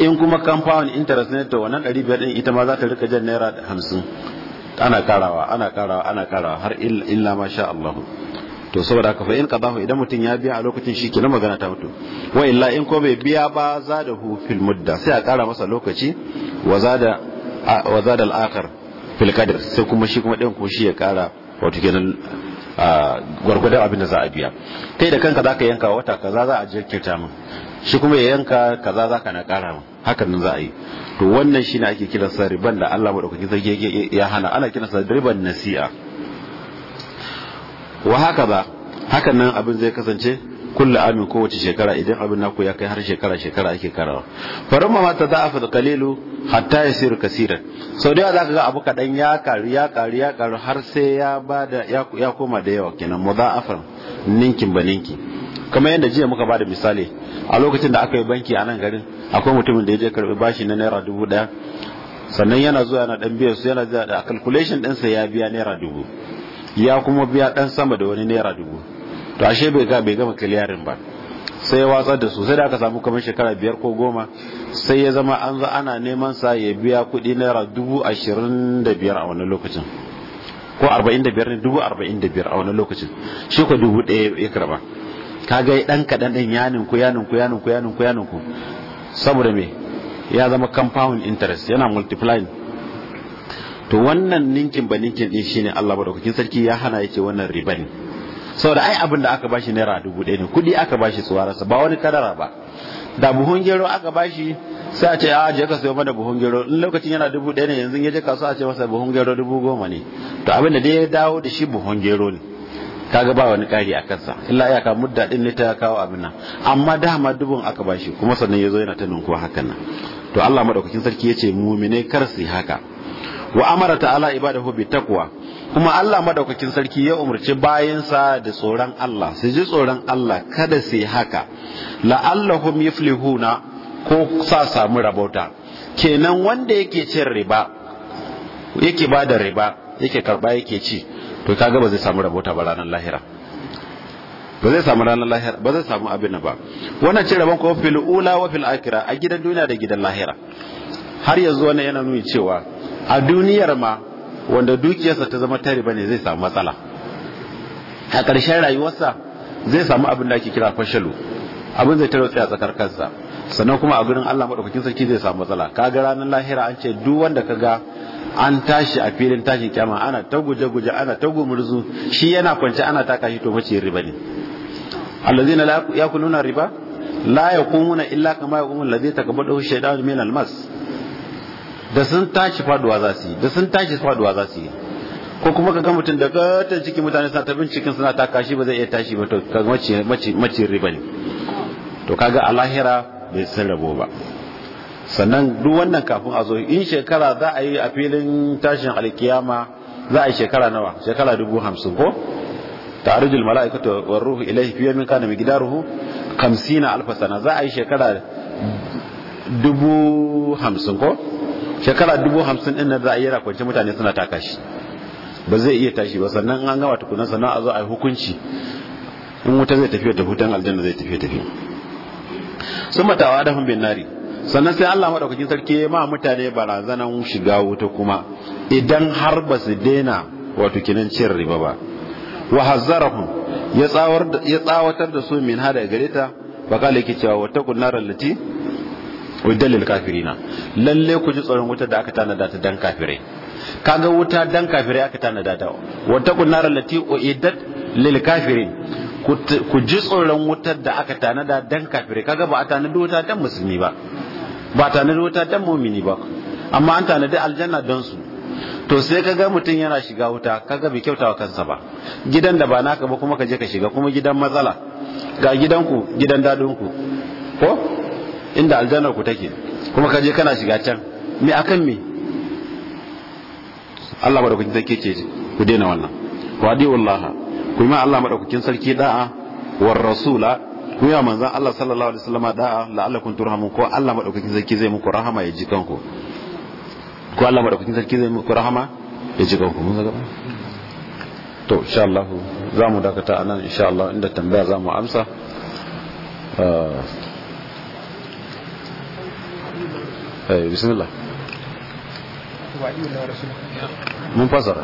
Speaker 1: in kuma compound interest ne to wannan 500 din ita ma za ta rika jan naira 50 ana karawa ana karawa ana karawa har illa ma sha Allah to saboda haka fa in qadahu idan mutun ya biya a lokacin shi kenan magana ta mutu wa illa in ko bai biya ba za da hu fil mudda sai a kara masa lokaci wa zada wa zada al akhar fil qadr sai kuma shi kuma din ko shi ya kara wato kenan gwargwadon abin da za a biya kai da kanka za ka yanka wata kaza za a jirkirta min shi kuma ya yanka kaza ka na kara min hakan nan za a yi to wannan shi ne ake sa riban da Allah madaukakin sarki ya hana ana sa riban nasi'a wa haka ba hakan nan abin zai kasance kulla amin kowace shekara idan abin naku ya kai har shekara shekara ake karawa farin ma za a fi kalilu hatta ya siru kasira sau da yawa za ka ga abu kaɗan ya karu ya karu ya karu har sai ya da ya koma da yawa kenan mu za a fa ninkin ba ninki kamar yadda jiya muka bada misali a lokacin da aka yi banki a nan garin akwai mutumin da ya je karbi bashi na naira dubu ɗaya sannan yana zuwa yana dan biyan su yana zuwa da calculation ɗinsa ya biya naira dubu ya kuma biya ɗan sama da wani naira dubu to ashe bai ga bai gama kiliyarin ba sai ya watsar da su sai da aka samu kamar shekara biyar ko goma sai ya zama an za ana neman sa ya biya kuɗi naira dubu ashirin da biyar a wani lokacin ko arba'in da biyar ne dubu arba'in da biyar a wani lokacin shi ko dubu ɗaya ya karba kaga ɗan kaɗan ɗin yanin yaninku yaninku yaninku yanin ku saboda me ya zama compound interest yana multiplying to wannan ninkin ba ninkin ɗin shine Allah ba kukin sarki ya hana yake wannan riba ne da ai abin da aka bashi naira dubu ɗaya ne kuɗi aka bashi tsuwararsa ba wani kadara ba da buhun gero aka bashi sai a ce a ah, je ka sayo mana buhun gero in lokacin yana dubu ɗaya ne yanzu ya je kasuwa a ce masa buhun gero dubu goma ne to abin da dai ya dawo da shi buhun gero ne kaga ba wani ƙari a kansa illa iyaka mudda din ne ta kawo abin nan amma dama dubun aka bashi kuma sannan ya zo yana ta ninkuwa hakan nan to Allah madaukakin sarki ya ce mumine kar su haka wa amara ta'ala ibadahu bi taqwa kuma Allah madaukakin sarki ya umarci bayansa da tsoron Allah su ji tsoron Allah kada su yi haka la'allahum yuflihuna ko sa samu rabauta kenan wanda yake cin riba yake ba da riba yake karba yake ci to kaga ba zai samu rabauta ba ranar lahira ba zai samu ranar lahira ba zai samu abin ba wannan cin rabon ko fil ula wa fil akira a gidan duniya da gidan lahira har yanzu wannan yana nuni cewa a duniyar ma wanda dukiyarsa ta zama tare bane zai samu matsala a ƙarshen rayuwarsa zai samu abin da ake kira fashalu abin zai tarwatsa a tsakar kansa sannan kuma a gurin Allah madaukakin sarki zai samu matsala kaga ranar lahira an ce duk wanda kaga an tashi a filin tashin kyama ana ta guje-guje ana ta gumurzu shi yana kwance ana taka kashi to mace riba ne allazina la kununa riba la yakumuna illa kama yakumul ladzi takabbalahu shaytanu min almas da sun tashi faduwa za su yi da sun tashi faduwa za su yi ko kuma ka ga mutum da gatan cikin mutane suna ta binciken suna ta kashi ba zai iya tashi ba to kaga mace riba ne to kaga a lahira bai san rabo ba sannan duk wannan kafin a zo in shekara za a yi a filin tashin alkiyama za a yi shekara nawa shekara dubu hamsin ko ta'arujul mala'ikatu war ruhu ilayhi fi yawmin kana migdaruhu 50 alf sana za a yi shekara dubu hamsin ko shekara dubu hamsin ɗin nan za a yi rakwance mutane suna taka shi ba zai iya tashi ba sannan an gama tukunan sannan a zo a yi hukunci in wuta zai tafi tafi hutan aljanna zai tafi tafi sun matawa da hun nari sannan sai Allah maɗaukakin sarki ya ma mutane barazanan shiga wuta kuma idan har ba su daina wato kinan cin riba ba wa hazzarahum ya tsawatar da su min hada gare ta baka kale cewa wa taqun nar dalil kafirina lalle ku ji tsoron wuta da aka tanada ta dan kafirai kaga wuta dan kafirai aka tanada ta wata kunnar lati uiddat lil kafirin ku ji tsoron wutar da aka tanada dan kafirai kaga ba a tanada wuta dan musulmi ba ba a tanada wuta dan mumini ba amma an da aljanna don su to sai kaga mutum yana shiga wuta kaga bai kyautawa kansa ba gidan da ba naka ba kuma ka je ka shiga kuma gidan matsala ga gidanku gidan dadinku ko inda aljannar ku take kuma kaje kana shiga can me akan me Allah madaukakin sarki ce ku daina wannan wa wallaha ku ma Allah madaukakin sarki da'a war rasula ku ya manzon Allah sallallahu alaihi wasallam da'a la'allakum turhamun ko Allah madaukakin sarki zai muku rahama ya ji kanku ko Allah madaukakin sarki zai muku rahama ya ji kanku mun ga to insha Allah za mu dakata anan insha Allah inda tambaya za mu amsa ah, Eh, bismillah mun fasara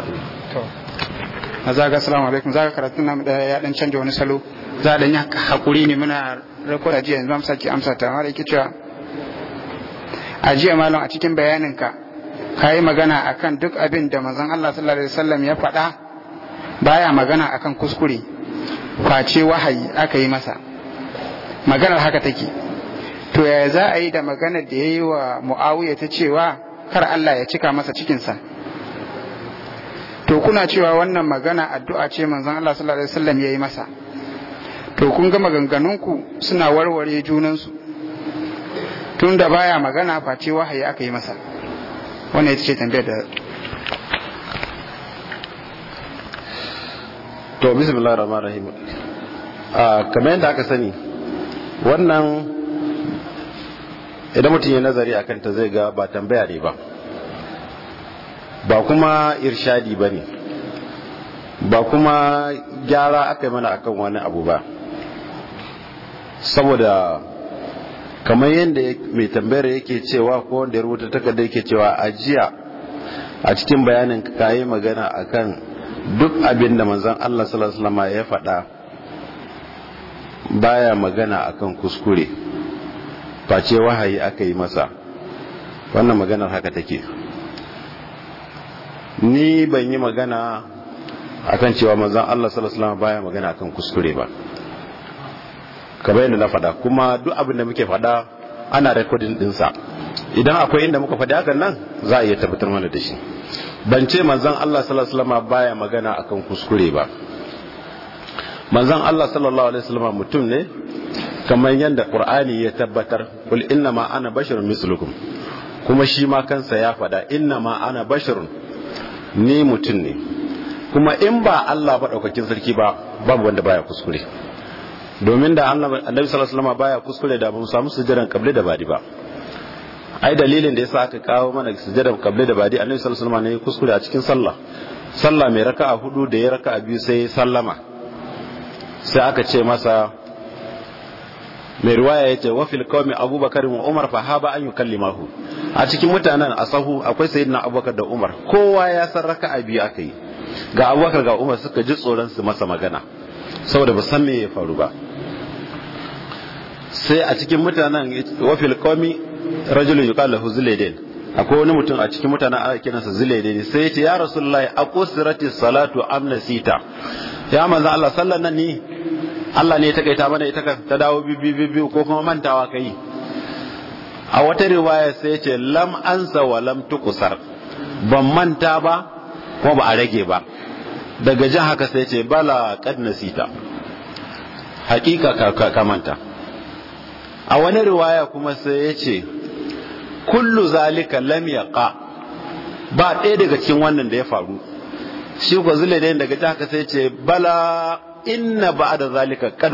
Speaker 1: a zaga salamu alaikum zaga karatun namu da ya dan canja wani salo za a dan yi hakuri ne muna rakon ajiya yanzu amsa ki amsa ta mara yake cewa ajiya malam a cikin bayaninka ka yi magana akan duk abin da manzon Allah sallallahu alaihi wasallam ya fada. baya magana akan kuskure face wahayi aka yi masa maganar haka take to yaya za a yi da maganar da ya yi wa mu'awiya ta cewa kar Allah ya cika masa cikinsa to kuna cewa wannan magana addu'a ce manzon Allah sallallahu alaihi wasallam ya yi masa to kun ga maganganunku suna warware junansu tun da baya magana face wahayi aka yi masa wannan ita ce tambayar da to bismillahir rahmanir rahim a ah, kamar yadda aka sani wannan idan mutum ya nazari a kanta zai ga ba tambaya ne ba ba kuma irshadi ba ne ba kuma gyara aka yi mana akan wani abu ba saboda kamar yadda mai tambayar yake cewa ko wanda ya rubuta takarda yake cewa ajiya a cikin bayanin ka yi magana akan duk abin da manzon Allah sallallahu alaihi ya faɗa baya magana akan kuskure face wahayi aka yi masa wannan maganar haka take ni ban yi magana akan cewa manzon Allah sallallahu baya magana akan kuskure ba kamar yadda na faɗa kuma duk abin da muke faɗa ana rekodin dinsa idan akwai inda muka fada hakan nan za a iya tabbatar mana da shi ban ce manzon Allah sallallahu baya magana akan kuskure ba manzon Allah sallallahu alaihi mutum ne kamar yadda qur'ani ya tabbatar kul inna ma ana basharun mislukum kuma shi ma kansa ya faɗa inna ma ana basharun ni mutum ne kuma in ba Allah ba daukakin sarki ba babu wanda baya kuskure domin da annabi sallallahu alaihi baya kuskure da ba mu samu sujudan kabli da badi ba ai dalilin da yasa aka kawo mana sujudan kabli da badi annabi sallallahu alaihi wasallam ne kuskure a cikin sallah sallah mai raka'a hudu da ya raka'a biyu sai sallama sai aka ce masa mai ruwaya ya ce wafil kawai abubakar wa umar fa haba an yi mahu a cikin mutanen a sahu akwai sayi na abubakar da umar kowa ya san raka a biyu aka yi ga abubakar ga umar suka ji tsoron su masa magana saboda ba san me ya faru ba sai a cikin mutanen wafil kawai rajulun yuqal lahu zulaydain akwai wani mutum a cikin mutanen ana kiransa zulaydain sai ya ce ya rasulullahi aqusirati salatu sita ya manzo Allah sallan nan ni Allah ne ya takaita mana ita ta dawo biyu ko kuma mantawa ka yi a wata riwaya sai ce lam ansa wa lam tukusar ban manta ba kuma ba a rage ba daga jin haka sai ce bala kad nasita hakika ka manta a wani riwaya kuma sai ya ce kullu zalika lam yaqa ba ɗaya daga cikin wannan da ya faru shi ko zule daga jin haka sai ce bala inna ba'da zalika kad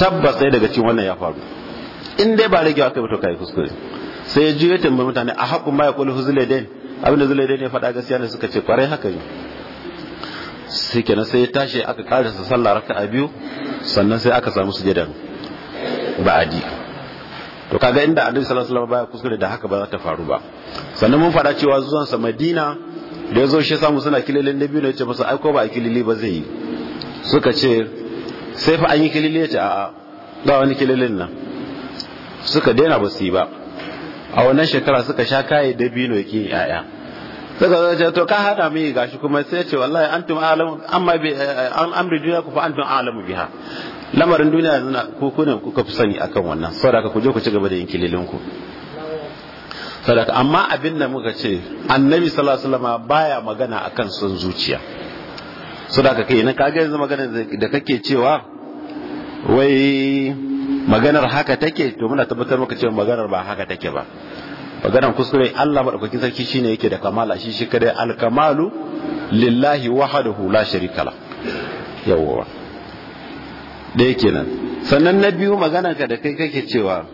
Speaker 1: tabbas sai daga cikin wannan ya faru in dai ba rage aka to kai kuskure sai ya juye tambayar mutane a haƙun ma ya kula dai abinda zule zuladen ya faɗa gaskiya ne suka ce kwarai haka ne sai kenan sai ya tashi aka sa sallah raka a biyu sannan sai aka samu sujadan ba'adi to kaga inda annabi sallallahu alaihi wasallam baya kuskure da haka ba za ta faru ba sannan mun faɗa cewa zuwan sa Madina da yazo shi samu suna kilalin nabi biyu ne ce masa ai ko ba kilili ba zai yi suka ce sai fa an yi kilile ta a ba wani kililin nan suka daina ba su yi ba a wannan shekara suka sha kaye da bino yake yaya suka zo ce to ka hada mai gashi kuma sai ce wallahi antum alamu amma bi eh, an amri duniya ku fa antum alamu biha lamarin duniya yanzu ku ku ne kuka fi sani akan wannan saboda ku je ku ci gaba da yin kililin ku saboda amma abin da muka ce annabi sallallahu alaihi wasallam baya magana akan son zuciya su da kai na kaga yanzu magana da kake cewa wai maganar haka take to muna tabbatar maka cewa maganar ba haka take ba maganar kuskure Allah madaukakin sarki shine yake da kamala shi shi kada alkamalu lillahi wahdahu la sharika la yawwa da yake nan sannan na biyu maganar ka da kai kake cewa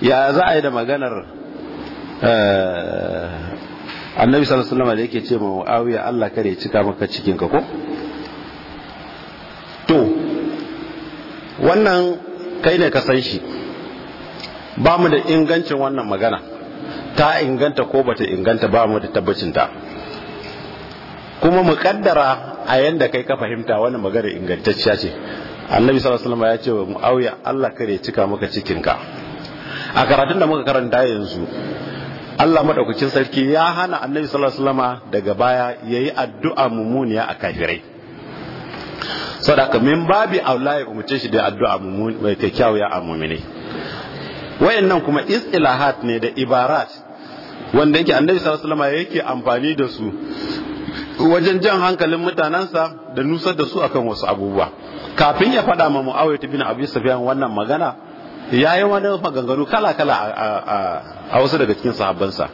Speaker 1: ya za a yi da maganar eh, annabi sallallahu alaihi wasallam da yake ce ma muawiya Allah kare cika maka cikin ka ko to wannan kai ne ka san shi ba mu da ingancin wannan magana ta inganta ko bata inganta ba mu da tabbacin ta kuma mu kaddara a yanda kai ka fahimta wannan magana ingantacciya ce annabi sallallahu alaihi wasallam ya ce wa muawiya Allah kare cika maka cikin ka a karatun da muka karanta yanzu Allah madaukakin sarki ya hana annabi sallallahu alaihi wasallama daga baya yayi addu'a mumuniya a kafirai sadaka min babi aula ya umurce shi da addu'a mumuni mai kyakkyawa ya mu'mini wayannan kuma istilahat ne da ibarat wanda yake annabi sallallahu alaihi wasallama yake amfani da su wajen jan hankalin mutanensa da nusar da su akan wasu abubuwa kafin ya faɗa ma mu'awiyah bin abi sufyan wannan magana ya yi wani maganganu kala-kala a wasu daga cikin sahabbansa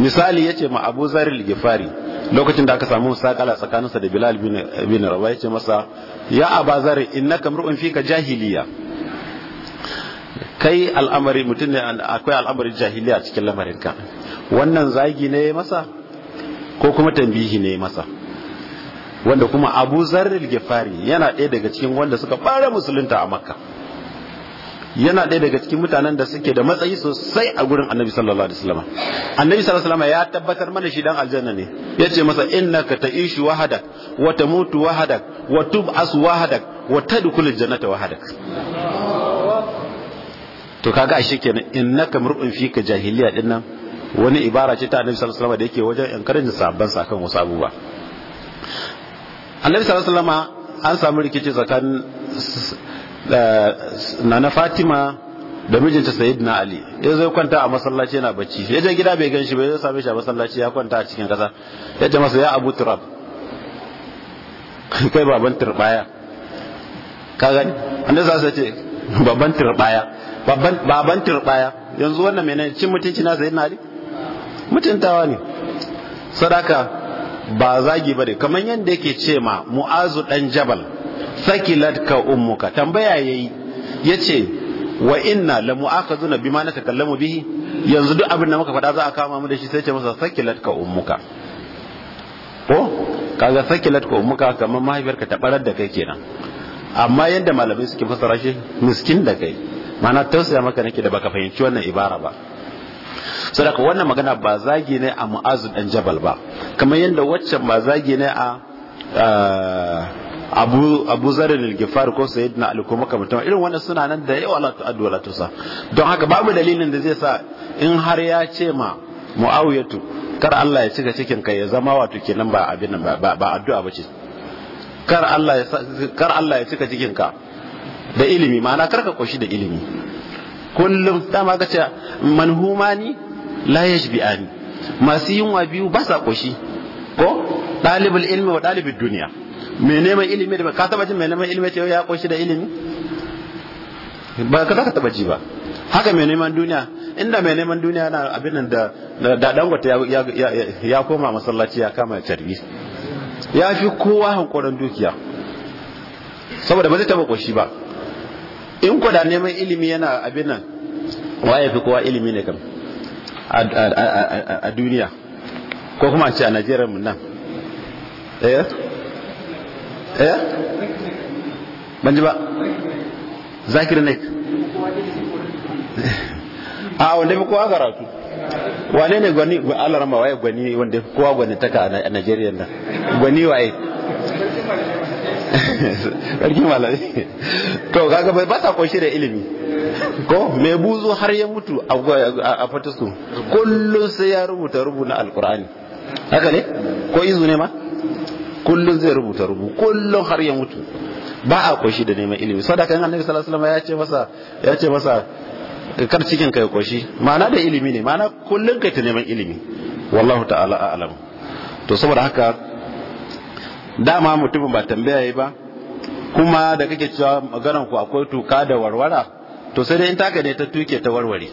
Speaker 1: misali ya ce ma abu zaril gifari lokacin da aka samu musakala tsakaninsa da bilal bin rawa ya ce masa ya aba zaril inna kamar ka jahiliya kai al'amari mutum ne akwai al'amari jahiliya cikin lamarinka wannan zagi ne masa ko kuma tambihi ne masa wanda kuma abu zaril gifari yana ɗaya daga cikin wanda suka fara musulunta a makka yana ɗaya daga cikin mutanen da suke da matsayi sosai a gurin annabi sallallahu alaihi wasallam annabi sallallahu alaihi wasallam ya tabbatar mana shi dan aljanna ne yace masa innaka ta'ishu wahadak wa tamutu wahadak wa tub'asu wahadak wa tadkhulu aljannata wahadak to kaga ashe kenan innaka mur'un fika jahiliya dinnan wani ibara ce ta annabi sallallahu alaihi wasallam da yake wajen inkarin sabban sakan wasu abubuwa annabi sallallahu alaihi wasallam an samu rikici tsakanin na fatima da mijinta na ali ya zai kwanta a masallaci yana bacci ya je gida bai ganshi bai zai same shi a masallaci ya kwanta a cikin kasa ya ce masa ya abu turab kai baban turbaya ka gani wanda za su ce baban turbaya baban turbaya yanzu wannan menene cin mutunci na na ali mutuntawa ne sadaka ba zagi ba ne kamar yadda yake ce ma mu'azu dan jabal sakilat ka ummuka tambaya yayi yace wa inna la mu'akhazuna bima natakallamu bihi yanzu duk abin da muka faɗa za a kama mu da shi sai ce masa sakilat ka ummuka ko kaga sakilat ka ummuka kamar mahaifiyarka ta barar da kai kenan amma yadda malamai suke fassara shi miskin da kai mana tausaya maka nake da baka fahimci wannan ibara ba sadaka wannan magana ba zagi ne a mu'azu dan jabal ba kamar yadda waccan ba zagi ne a ah, abu abu zarar ilgifar ko ko na ali ko irin wani suna nan da yawa latu adu latu tusa don haka babu dalilin da zai sa in har ya ce ma muawiyatu kar Allah ya cika cikin kai ya zama wato kenan ba abin nan ba ba ce kar Allah ya kar Allah ya cika cikin ka da ilimi ma'ana kar ka koshi da ilimi kullum dama ka ce manhumani la yashbi'ani masu yunwa biyu ba sa koshi ko dalibul ilmi wa dalibul duniya mai neman ilimi da ka taba jin mai neman ilimi ce ya koshi da ilimi ba ka ka taba ji ba haka mai neman duniya inda mai neman duniya na abin da da dangote ya koma masallaci ya kama tarbi ya fi kowa hankoran dukiya saboda ba zai taba koshi ba in ko da neman ilimi yana abin nan waye fi kowa ilimi ne kam a duniya ko kuma a ce a Najeriya mun nan eh eh ban ji ba zakir ne a wanda fi kowa karatu wane ne gwani Allah rama waye gwani wanda kowa gwani taka a Najeriya nan gwani waye sarki malami to kaga ba sa koshi da ilimi ko me buzo har ya mutu a fatisu kullum sai ya rubuta na alkur'ani haka ne ko izu ne ma kullum zai rubuta rubu kullum har ya mutu ba a koshi da neman ilimi sadaka annabi sallallahu alaihi wasallam ya ce masa ya ce masa kar cikin kai koshi ma'ana da ilimi ne ma'ana kullum kai ta neman ilimi wallahu ta'ala a'lam to saboda haka dama mutumin ba tambaya yi ba kuma da kake cewa maganar ku akwai tuka da warwara to sai dai in taka ne ta tuke ta warware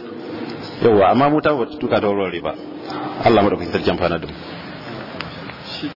Speaker 1: yawa amma mu ta tuka da warware ba Allah madaukakin sarki amfana da